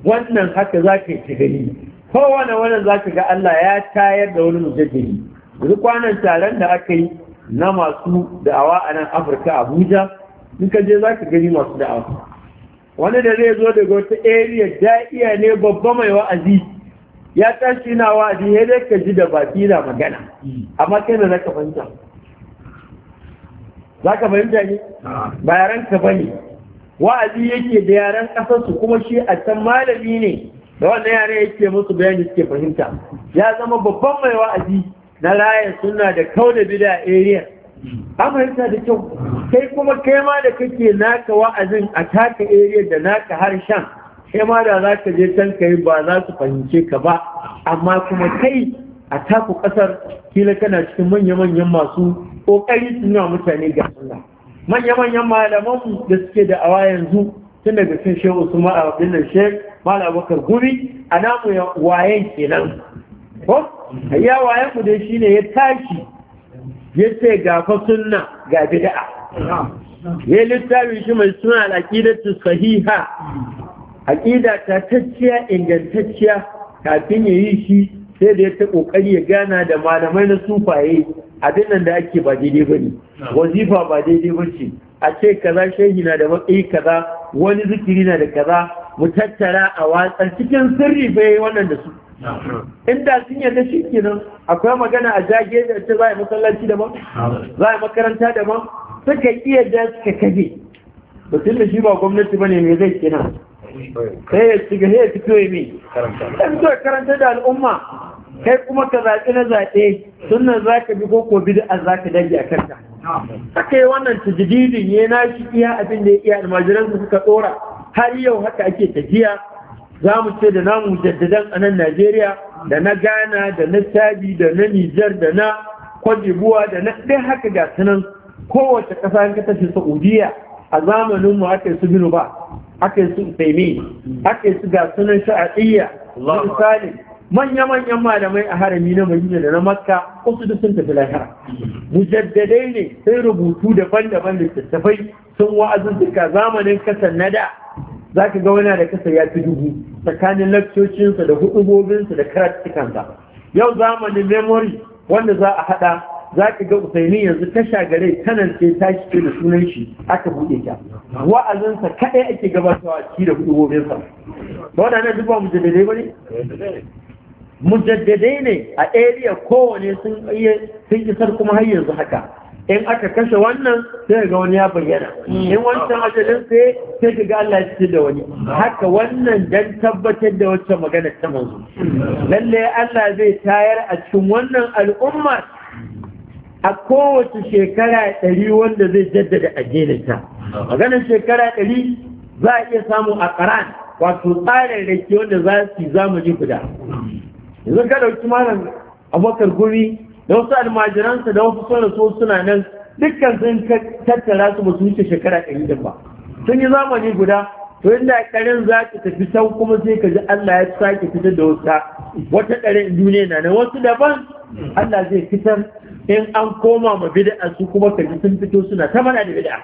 wannan haka za ka yi gani kowane wani za ka ga Allah ya tayar da wani mujajiri duk kwanan taron da aka yi na masu da'awa a nan afirka abuja in ka je za ka gani masu da'awa wani da zai zo daga wata area da'iya ne babba mai wa'azi ya tashi na wa'azi ya dai ka ji da baki na magana amma kai da za ka fahimta za ka fahimta ne ba yaran ka bane wa'azi yake da yaran ƙasarsu kuma shi a can malami ne da wannan yare yake musu bayani suke fahimta ya zama babban mai wa'azi na raya suna da kauda da bida area an fahimta da kyau kai kuma kai ma da kake naka wa'azin a taka area da naka harshen kai ma da za ka je can kai ba za su fahimce ka ba amma kuma kai a taku ƙasar kila kana cikin manya-manyan masu ƙoƙari suna mutane ga Allah manya-manyan malamanmu da suke da awa yanzu tun daga cin shehu usman a abdullahi shek malam abubakar guri a namu wayan kenan ko ya wayan mu dai shine ya tashi ya ce ga fa sunna ga bid'a ya littafi shi mai suna al sahiha aqida ta tacciya ingantacciya kafin ya yi shi sai da ya ta kokari ya gana da malamai na sufaye abin nan da ake ba daidai ba ne wazifa ba daidai ba ce a ce kaza shehi na da matsayi kaza wani zikiri na da kaza mu tattara a watsa cikin sirri bai wannan da su inda sun yarda shi kenan akwai magana a jage da ce za a yi masallaci ma, za a yi makaranta da ma, suka iya da suka kaje mutum da shi ba gwamnati ba ne mai zai kenan sai ya shiga sai ya fito ya mai karanta da al'umma kai kuma ka zaɓi na zaɓe sunan za ka bi koko bid'a za ka dangi a kanka aka yi wannan tajididin ya na shi iya abin da ya iya almajiran su suka ɗora har yau haka ake tafiya za mu ce da namu jaddadan a nan najeriya da na ghana da na chadi da na nijar da na Kwadibuwa da na ɗaya haka ga sunan kowace ƙasa ka tafi saudiya a zamanin mu aka yi su binu ba aka yi su taimi aka yi su ga sunan sha'adiyya misali manyan manyan malamai a harami na madina da na makka wasu da sun tafi lahira mujaddadai ne sai rubutu daban-daban da tattafai sun wa'azuzzuka zamanin kasar na da za ka ga wani da kasa ya fi dubu tsakanin lakcocinsa da hudubobinsa da karatukansa yau zamanin memory wanda za a hada za ka ga usaini yanzu ta shagare tanan ce ta shi da sunan shi aka buɗe ta wa'azinsa kaɗai ake gabatarwa a ciki da hudubobinsa wadannan duk ba mujaddadai ba ne mujaddadai ne a area kowane sun isar kuma har yanzu haka in aka kashe wannan sai ga wani ya bayyana hmm. in wancan ajalin sai sai ga Allah ya da wani haka wannan dan tabbatar da wacce magana ta manzo lalle Allah zai tayar a cikin wannan al'umma a kowace shekara ɗari wanda zai jaddada addininta maganar shekara ɗari za a iya samu a ƙaran wato tsarin rake wanda za su yi zamani guda yanzu ka ɗauki malam abokar guri da wasu almajiransa da wasu sauran su suna nan dukkan sun tattara su ba su wuce shekara ɗari da ba sun yi zamani guda to inda ƙarin za ka tafi sau kuma sai ka ji Allah ya sake fitar da wata wata ƙarin duniya na nan wasu daban Allah zai fitar in an koma ma bid'a su kuma ka ji sun fito suna ta mana da bid'a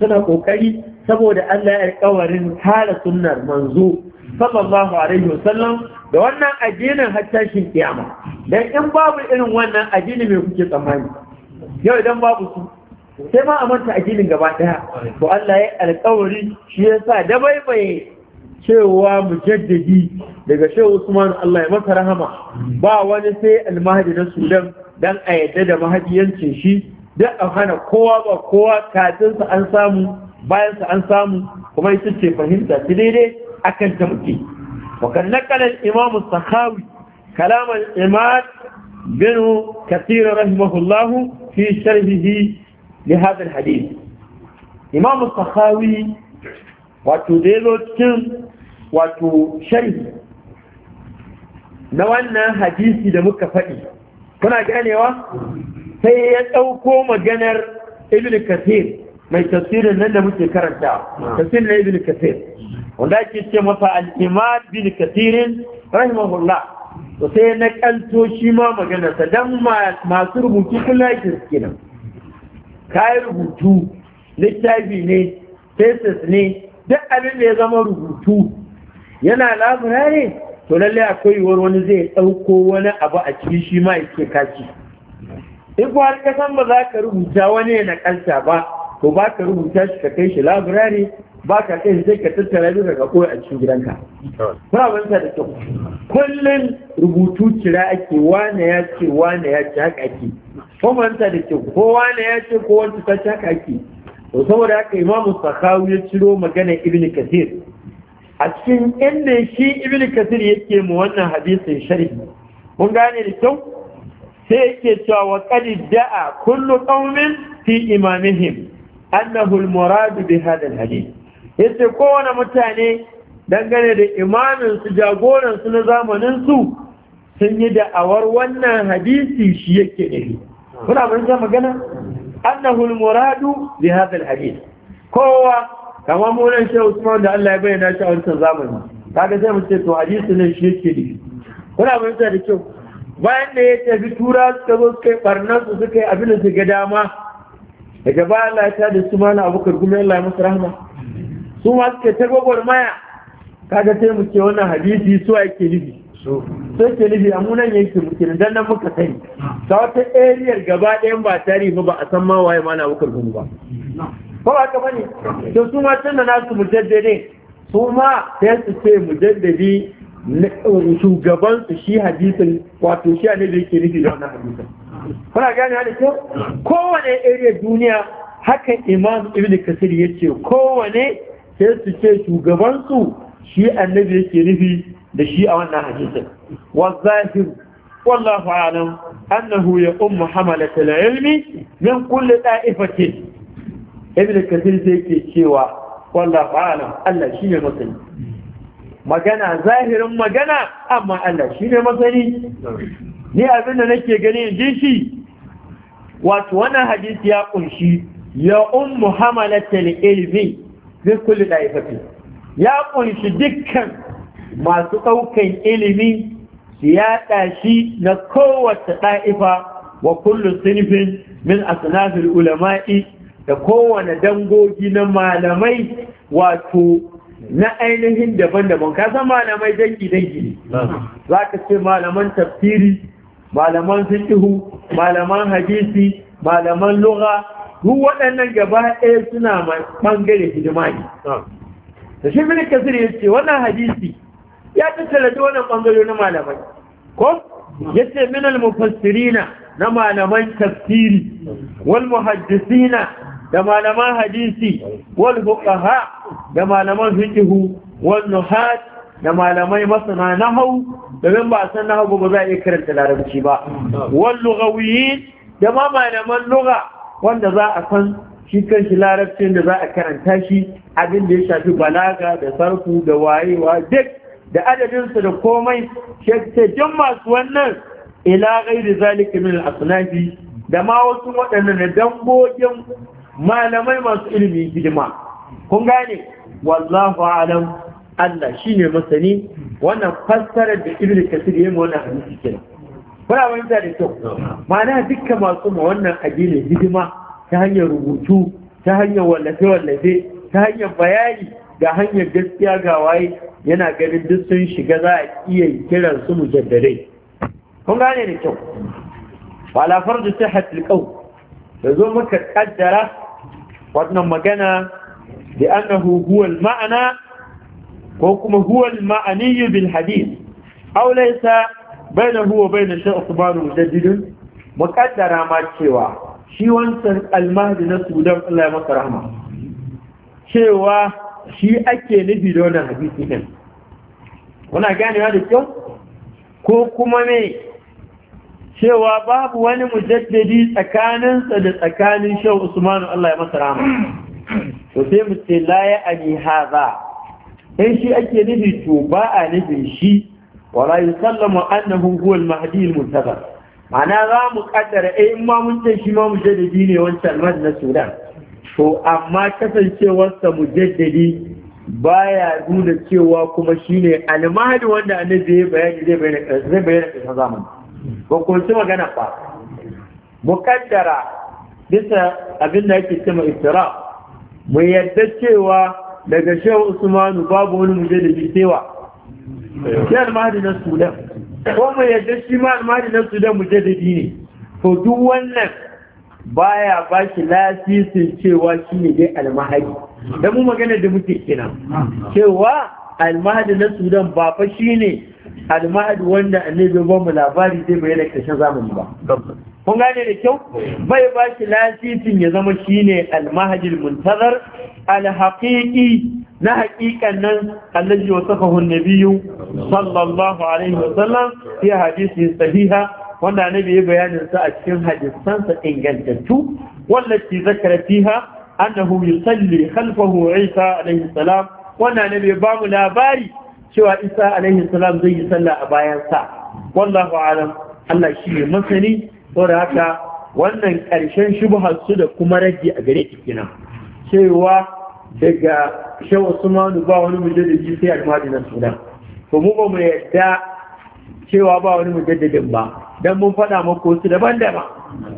suna kokari saboda Allah ya alƙawarin kare sunnar manzo sallallahu alaihi wasallam da wannan addinin har tashin kiyama dan in babu irin wannan addini mai kuke tsammani yau idan babu su sai ma a manta addinin gaba daya to Allah ya alƙawari shi yasa da bai cewa mujaddadi daga Shehu Usman Allah ya masa rahama ba wani sai almahadi na Sudan dan a yadda da mahajiyancin shi da a hana kowa ba kowa sa an samu bayansa an samu kuma ita ce fahimta ta daidai akan tamke wakan nakalar imamu sahawi kalamar imar binu katsirar rahimahullahu fi sharhihi li hadar hadis imamu sahawi wato da yazo cikin wato sharhi na wannan hadisi da muka faɗi kuna ganewa sai ya ɗauko maganar ibn kathir mai tafsirin nan da muke karanta tafsirin na ibn kathir wanda ake ce masa al-imam bin kasirin rahimahullah to sai na kanto shi ma maganarsa dan masu rubutu kula yake kenan yi rubutu littafi ne thesis ne duk abin da ya zama rubutu yana ne to lallai akwai yiwuwar wani zai dauko wani abu a ciki shi ma ya kaci in ko har ka ba za ka rubuta wani na kanta ba to ba ka rubuta shi ka kai shi laburare? ba ka kai sai ka tattara duka ka koya a cikin gidanka ba ban da kyau kullun rubutu kira ake wane ya ce wane ya ce haka ake ko ban da kyau ko wane ya ce ko wanda ta ce haka ake to saboda haka Imam sakawu ya ciro magana ibnu kathir a cikin inda shi ibnu kathir yake mu wannan hadisin sharhi mun gane da kyau sai yake cewa wa qad da'a kullu qaumin fi imamihim annahu al-murad bi hadha al-hadith yace kowane mutane dangane da imamin su jagoran su na zamanin su sun yi da'awar wannan hadisi shi yake ne kuna mun ga magana annahu al-muradu bi hadha al-hadith kowa kamar mu nan shi Usman da Allah ya bayyana shi a wannan zamani kaga sai mu ce to hadisi ne shi yake ne kuna mun da kyau bayan da ya tafi tura suka zo suka yi barnan su suka yi abin da su ga dama daga baya Allah ya tada su mana abukar gumi Allah ya masa rahma su ma suke ta Ka kaga sai mu ce wannan hadisi su ake nufi Su ke nufi a munan yankin muke da nan muka sani ta wata ariyar gaba ɗayan ba tarihi ba a san ma waye ma na muka gani ba ko ba ka bane to su ma da nasu mujaddadin su ma sai su ce mujaddadi eh, shugaban su shi hadisin wato shi ne da yake nufi da wannan hadisin kuna gane hada kyau kowane area duniya haka imam ibn kasir ce kowane sai su ce shugabansu shi annabi yake nufi da shi a wannan hadisin zahir wallahu alam annahu ya ummu hamalatul ilmi min kulli ta'ifati ibn kathir zai ke cewa wallahu alam Allah shi ne masani magana zahirin magana amma Allah shi ne masani ni abin da nake gani in ji shi wato wannan hadisi ya kunshi ya ummu hamalatul ilmi zai kulli da ya kunshi dukkan masu ɗaukan ilimi su yaɗa shi na kowace ɗa'ifa wa kullum sinifin min asnafil ulama'i da kowane dangogi na malamai wato na ainihin daban-daban ka san malamai dangi-dangi ne za ka ce malaman tafsiri malaman fiqhu malaman hadisi malaman lugha duk waɗannan gaba ɗaya suna ɓangare hidima ne da shi bin kasir ya ce wannan hadisi ya tattala da wannan ɓangare na malamai ko ya ce minal mufassirina na malaman tafsiri wal muhaddisina da malaman hadisi wal fuqaha da malaman fiqhu wal nuhat da malamai masana nahau domin ba san nahau ba za a iya karanta larabci ba wal lugawiyin da ma malaman lugha wanda za a san shi kan shi larabcin da za a karanta shi abin da ya shafi balaga da sarku da wayewa duk da adadinsa da komai shekajin masu wannan ila gairi zalika min al-asnafi da ma wasu waɗannan dangogin malamai masu ilimi hidima kun gane wallahu alam Allah shine masani wannan fassarar da Ibn Kathir yayin wannan hadisi kenan kuna fahimta da kyau ma'ana dukkan masu ma wannan addini hidima ta hanyar rubutu ta hanyar wallafe-wallafe ta hanyar bayani da hanyar gaskiya ga waye yana ganin duk sun shiga za a iya kiran su mujaddadai kun gane da kyau Ba lafar da sihhatul qawl da zo muka kaddara wannan magana da annahu huwa maana ko kuma huwa al-ma'ani bil hadith Aulaisa bainahu huwa bain shaykh Uthman mujaddid muqaddara ma cewa shi wancan almahdi na Sudan Allah ya masa rahma cewa shi ake nufi da wannan hadisi din kuna ganewa da kyau ko kuma me cewa babu wani mujaddadi tsakaninsa da tsakanin shaykh Usman Allah ya masa rahma to sai mu ce la ya ali haza in shi ake nufi to ba a nufin shi wala yusallamu annahu huwa al-mahdi al-muntazar ana za mu kaddara eh in ma mun ce shi ma mujaddidi ne wancan ran na Sudan to amma kasancewarsa mujaddidi baya nuna cewa kuma shine al-mahdi wanda annabi ya bayani zai bayyana zai bayyana a ba ko ci magana ba kaddara bisa abin da yake cewa istira mu yadda cewa daga shehu usmanu babu wani mujaddidi sai ya almahadi na sudan ko yadda shi ma almahadi na sudan mujaddadi ne to duk wannan baya ba shi lasisin cewa shi ne dai almahadi dan mu magana da muke kenan cewa almahadi na sudan ba fa shi ne almahadi wanda annabi ba mu labari zai bayyana kashin zamani ba kun gane da kyau bai ba shi lasisin ya zama shi shine almahajil muntazar alhaqiqi na haƙiƙan nan allazi saka an biyu. sallallahu alaihi wasallam fi hadisi sahiha wanda annabi ya bayanin sa a cikin hadisan sa ingantattu wallati zakara fiha annahu yusalli khalfahu isa alaihi salam wanda annabi ba mu labari cewa isa alaihi salam zai yi sallah a bayan sa wallahu alam Allah shi ne masani saboda haka wannan ƙarshen shubhar su da kuma rage a gare kina cewa daga shehu Usmanu ba wani mujaddadi sai almajinan sunan to mu ba mu yadda cewa ba wani mujaddadin ba dan mun faɗa muku su daban-daban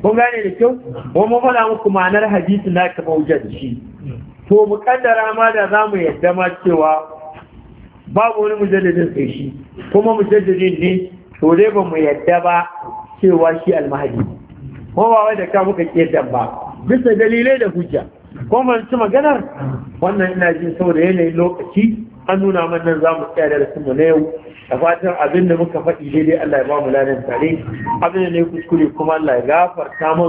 kun gane da kyau ko mun faɗa muku ma'anar hadisi na ka hujja da shi to mu kaddara ma da zamu yadda ma cewa babu wani mujaddadin sai shi kuma mujaddadin ne to dai ba mu yadda ba cewa shi almahadi ko ba wai da ka muka dan ba bisa dalilai da hujja ko ci maganar wannan ina jin saboda yanayin lokaci an nuna man nan zamu tsaya da rasu mu na yau da fatan abin da muka faɗi daidai Allah ya ba mu ladan tare abin da ne kuskure kuma Allah ya gafarta mu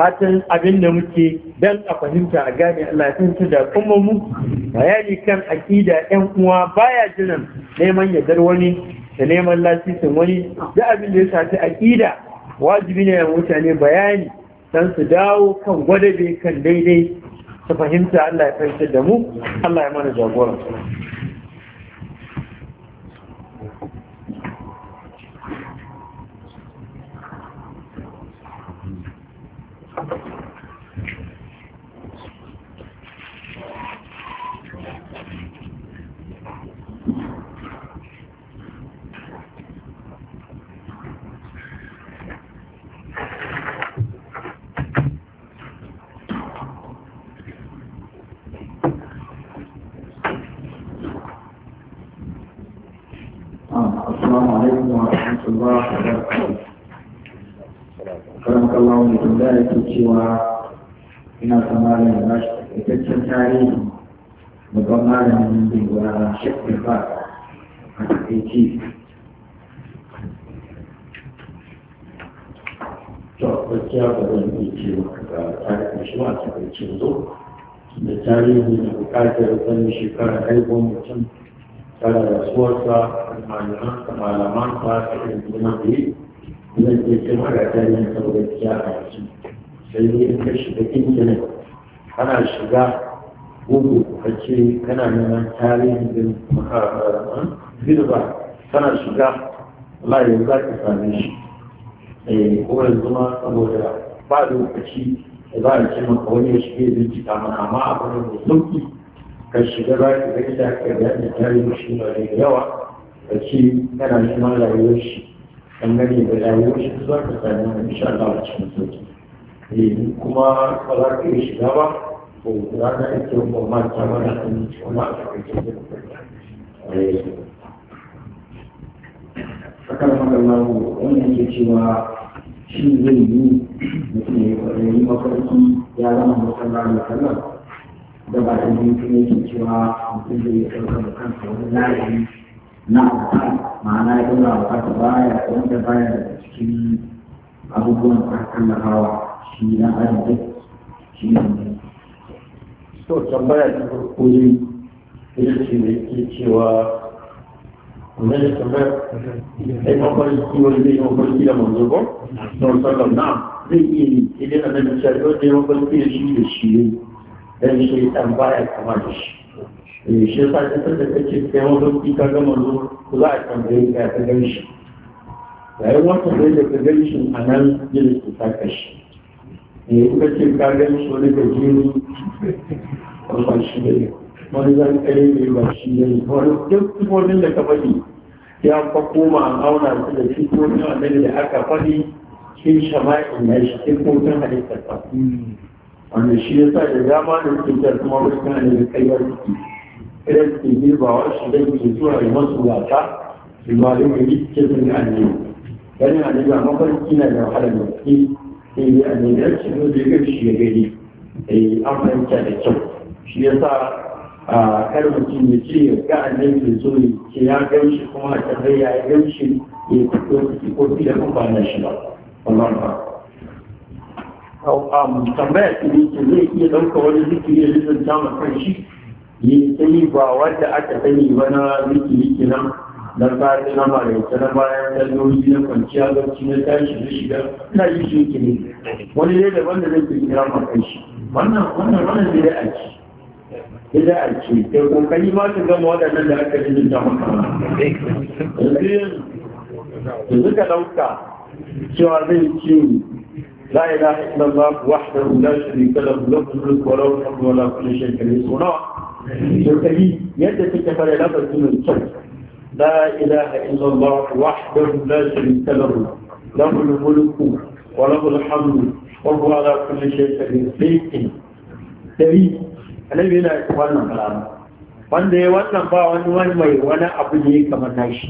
fatan abin da muke dan a fahimta a gane Allah ya fahimta da kuma mu bayani kan akida yan uwa baya jiran neman yardar wani da neman lasisin wani da abin da ya a aƙida wajibi ne mutane bayani don su dawo kan gwadabe kan daidai su fahimta Allah ya fahimtar da mu Allah ya mana jagora نعم السلام عليكم ورحمة الله وبركاته karan kallon mutum da ya cewa ina samarin rikicin tarihi babban malamin da shakir ba a takaici to gaskiya ba zan yi cewa ga tarihi shi ma a takaicin zo da tarihi na bukatar wani shekara haihuwar mutum kada rasuwarsa malamansa malamansa ta yi ɗauki mafi zan ke cin harata yin saurakiya a yanzu sai ne in ka shiga intanet kana shiga google ka ce kana neman tarihin bin makaraman girba kana shiga layin za ka same shi eh, kuma yanzu ma saboda ba lokaci da za a ce maka wani ya shige bincika mana amma abu ne mai sauki ka shiga ta ka ga da ka ga da shi da yawa ka ce kana neman rayuwar shi dangane da rayuwar shi za ka sami na insha Allah a cikin sauki eh kuma ba za ka iya shiga ba to za ka iya ce ba ma ta ma da kan ci wani a cikin sauki akan magana wannan ke cewa shi zai yi mutum ya yi mafarki ya zama musamman musamman da ba da jinki yake cewa mutum zai iya ɗaukar da kansa wani layi na abokan ma'ana ya ɗaura wa baya wanda baya cikin abubuwan da aka shi na adam shi ne. So tambaya ta farko ne ita ce da ke cewa mai tambayar ai mafarki wani zai yi mafarki da manzo ko? Sallallahu Alaihi na zai iya yi idan annabi ya yi da shi da shi ne. dan shi dan baya kama da shi eh shi yasa ta da kace sai wani lokaci ka ga manzo ku za a tambaye ka ta gan shi yayin wata zai da ka gan shi a nan yin ku ta kashi eh kuka ce ka gan shi wani da jini wannan shi ne wani zan kare ne ba shi ne wani duk sifofin da ka faɗi ya fa koma an auna su da sifofin annabi da aka faɗi cikin shama'in na shi sifofin halittar ba wanda shi ya sa da dama da cutar kuma wajen ne da kai wani idan girba girbawa shi da ke zuwa yi masu wata su ma da yi cikin sun yi annabi dan yana da mafarki na da wahalar mafi sai yi annabi ya cikin zo da gari shi ya gari a eh, an amfanta da kyau shi ya sa a kar mutum ya ce ya ga annabi ya zo ya ce ya gan shi kuma a tarayya ya gan shi ya fito ko fi da kuma ba na shi ba. Allah ba. tambaya ce ne ke zai iya ɗauka wani zikiri da zai ma kan shi yi sai ba wanda aka sani ba na zikiri kenan na safe na malaita na bayan kalmomi na kwanciya barci na tashi na shiga na yi shi ke ne wani ne daban da zai kira ma kan shi wannan wannan wannan zai da aiki zai da aiki da kokari ba ta gama waɗannan da aka yi da maka yanzu yanzu ka ɗauka cewa zai ciwo لا إله إلا الله وحده لا شريك له له الملك وله الحمد ولا كل شيء كبير صنع شركه يدك كفر لا من الشرك لا إله إلا الله وحده لا شريك له له الملك وله الحمد وهو على كل شيء قدير sai annabi yana wannan kalama wanda ya wannan ba wani wani mai wani abu ne kamar nashi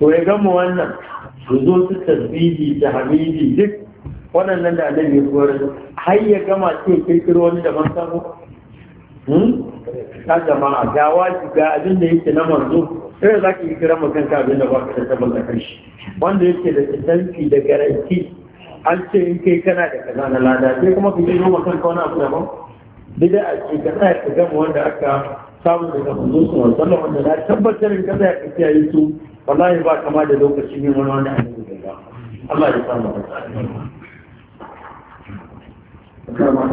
to ya gama wannan su zo su tasbihi da hamidi duk waɗannan da annabi ya koyar har ya gama ce kirkiro wani daban sabo hmm? ta jama'a ga waji ga abin da yake na manzo sai za ki yi kira mutum ka abin da ba ka da da kanshi wanda yake da tsanci da garanti an ce in kai kana da kaza na lada sai kuma ka yi noma kanka wani abu daban bida a ce ka tsaya ka gama wanda aka samu daga manzo su wasallam wanda na tabbatar ka tsaya ka yi su wallahi ba kama da lokacin yin wani wanda annabi bai ba Allah ya samu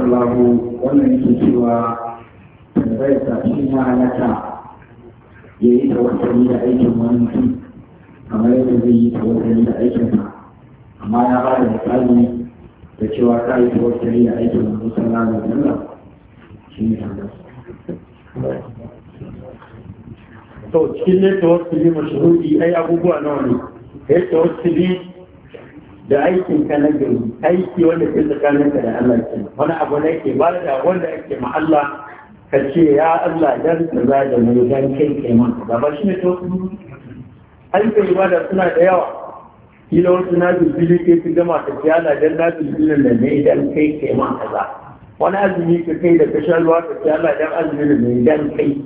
Allah wannan yake cewa tambayar ta shi na halatta ya yi tawassali da aikin wani mutum kamar yadda zai yi tawassali da aikinsa amma ya ba da misali da cewa ka yi tawassali da aikin wani na da wasallam shi ne tambayar to cikin ne tawassali mashahudi ai abubuwa nawa ne ya tawassali da aikin ka na gari aiki wanda ke tsakaninka da Allah ke wani abu ne ke ba da wanda ake ma Allah ka ce ya Allah dan ka za da mai dan kai kai ma ba ba shi ne to ayyukan ibada suna da yawa kila wasu na bilbili ke fi gama ta ce Allah dan na bilbilin da ne dan kai kai ma kaza wani azumi ka kai da ka sha ruwa ka ce Allah dan azumin da ne dan kai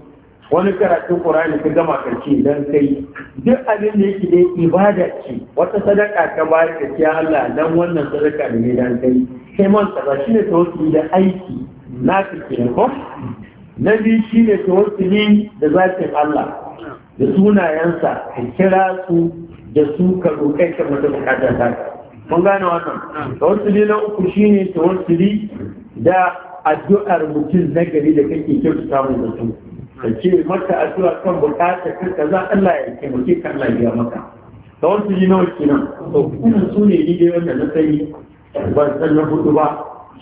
wani karatun ƙur'ani ka gama karshe dan kai duk abin da yake dai ibada ce wata sadaka ka bayar ka ce Allah dan wannan sadaka da ne dan kai sai man tsara shine tawassuli da aiki na ka kenan ko na biyu shine tawassuli da zakin Allah da sunayensa ka kira su da su ka roƙe ka mata bukatar ta mun gane wannan tawassuli na uku shi shine tawassuli da addu'ar mutum na gari da kake kyautata mu da su ka ce mata addu'a kan bukata ka kaza Allah ya ke mutum kan lafiya maka ta wasu ji nawa kenan to kuma su ne ni dai wanda na sani ban san na hudu ba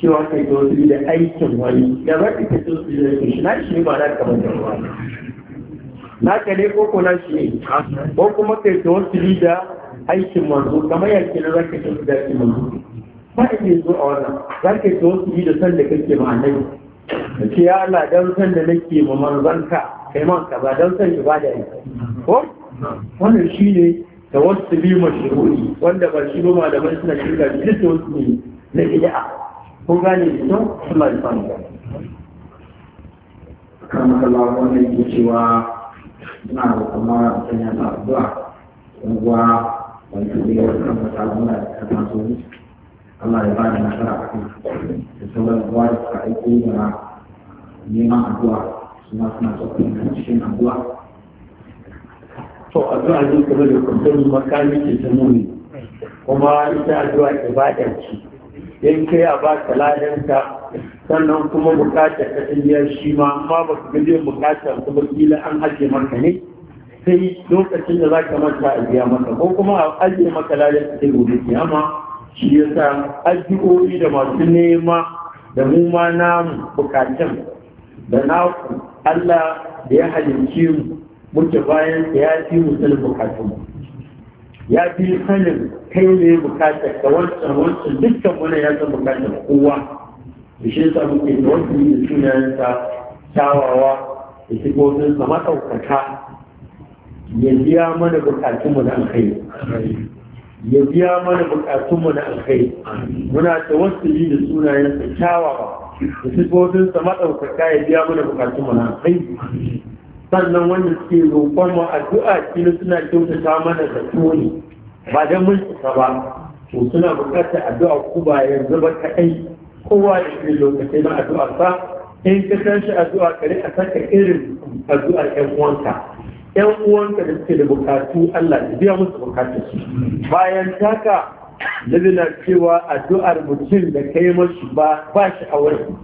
cewa kai da wasu da aikin wani da za ka ce su da shi na shi ba za ka bada ba. na ka ne ko kuna na shi ne ko kuma kai da wasu da aikin manzo kamar yake na za ka ce su da aikin manzo ba ake zo a wannan za ka ce wasu da san da kake ma'anai da ce ya Allah dan san da nake ma manzanka kai man kaza dan san da ne ko wannan ne da wasu bi mashru'i wanda ba shi ba malaman suna shiga duk da wasu ne na a kun gane da to Allah ya san ka kan Allah wannan yi cewa ina da kuma sanya ta addu'a wa wani ne kan mata muna ta taso Allah ya bada nasara a kai da sauran kowa da suka aiko da neman addu'a suna suna tsofaffin cikin addu'a to addu'a zai kuma da kusurin makami ke ta nuni kuma ita addu'a ibadar ci, yan kai a ba ka ladanta sannan kuma bukatar ka tsayiyar shi ma amma ba ka gaje bukatar kuma kila an ajiye maka ne sai lokacin da za ka manta a biya maka ko kuma a ajiye maka lalata sai gobe kiyama shi ya sa addu'o'i da masu nema da mu ma namu bukatun da naku Allah da ya halicce mu muke bayan ya fi mu sanin bukatun ya fi sanin kai ne bukatar ka wancan wancan dukkan wani ya san bukatar kowa da shi muke da wasu yi sunayensa kyawawa da sifofinsa maɗaukaka ya biya mana bukatunmu da kai. ya biya mana bukatunmu na alkai muna tawassuli da sunayensa ba, da sifofinsa maɗaukaka ya biya mana bukatunmu na alkai sannan wanda suke roƙon mu addu'a cikin suna kyautata mana da toni ba dan mun isa ba to suna buƙatar addu'a ku ba yanzu ba kaɗai kowa da irin lokacin na addu'a sa in ka tashi addu'a kare a saka irin addu'ar ƴan uwanka yan uwanka da suke da bukatu Allah ya biya musu bukatun su bayan taka na cewa addu'ar mutum da kai mashi ba ba shi a wurin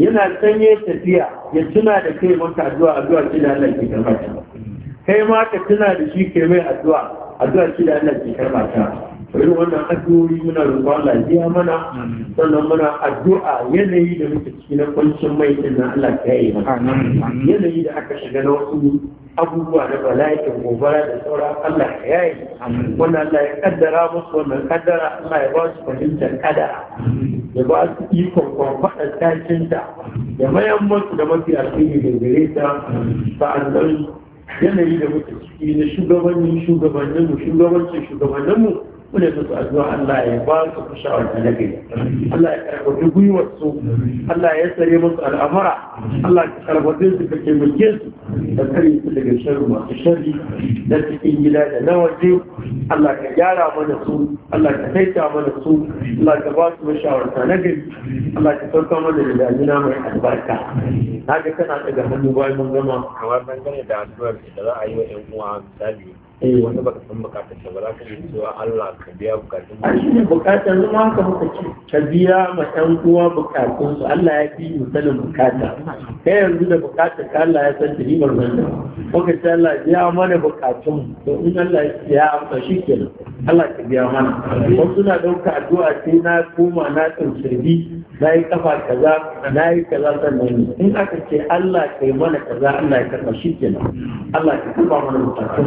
yana sanye tafiya ya tuna da kai maka addu'a addu'a ce da Allah ke karɓa kai ma ka tuna da shi kai mai addu'a addu'a ce da Allah ke karɓa irin wannan addu'o'i muna roƙon Allah mana sannan muna addu'a yanayi da muke ciki na kwancin mai din na Allah ya yi yanayi da aka shiga na wasu abubuwa na bala'i da gobara da saura Allah ya yi wannan Allah ya kaddara musu wannan kaddara Allah ya ba su fahimtar kadara ya ba su ikon kwamfaɗa tashinta ya mayan masu da mafi alfini da gare ta sa'annan yanayi da muke ciki na shugabannin shugabanninmu shugabancin shugabanninmu kuna musu addu'a Allah ya ba su kushawarta na gari Allah ya karɓi gwiwar su Allah ya tsare musu al'amara Allah ya karɓi su ka taimake su da kare su daga sharri masu sharri da cikin gida da na waje Allah ka gyara mana su Allah ka taita mana su Allah ka ba su mashawarta na gari Allah ka sauka mana da damina mai albarka na ga kana daga hannu bayan mun gama kamar dangane da addu'ar da za a yi wa ƴan uwa misali Eh. wani baka san bukatar ba za ka yi cewa Allah ka biya bukatun mu shi bukatar zama haka muka ce ka biya ma ɗan uwa bukatun su Allah ya fi mu sanin bukata kai yanzu da bukatar ka Allah ya san ta ribar nan muka ce Allah biya mana bukatun to in Allah ya amsa shi kenan Allah ka biya mana wasu na ɗauka addu'a ce na koma na tsirsirbi na yi kafa kaza na yi kaza sannan in aka ce Allah ka yi mana kaza Allah ya karɓa shi kenan Allah ka kafa mana bukatun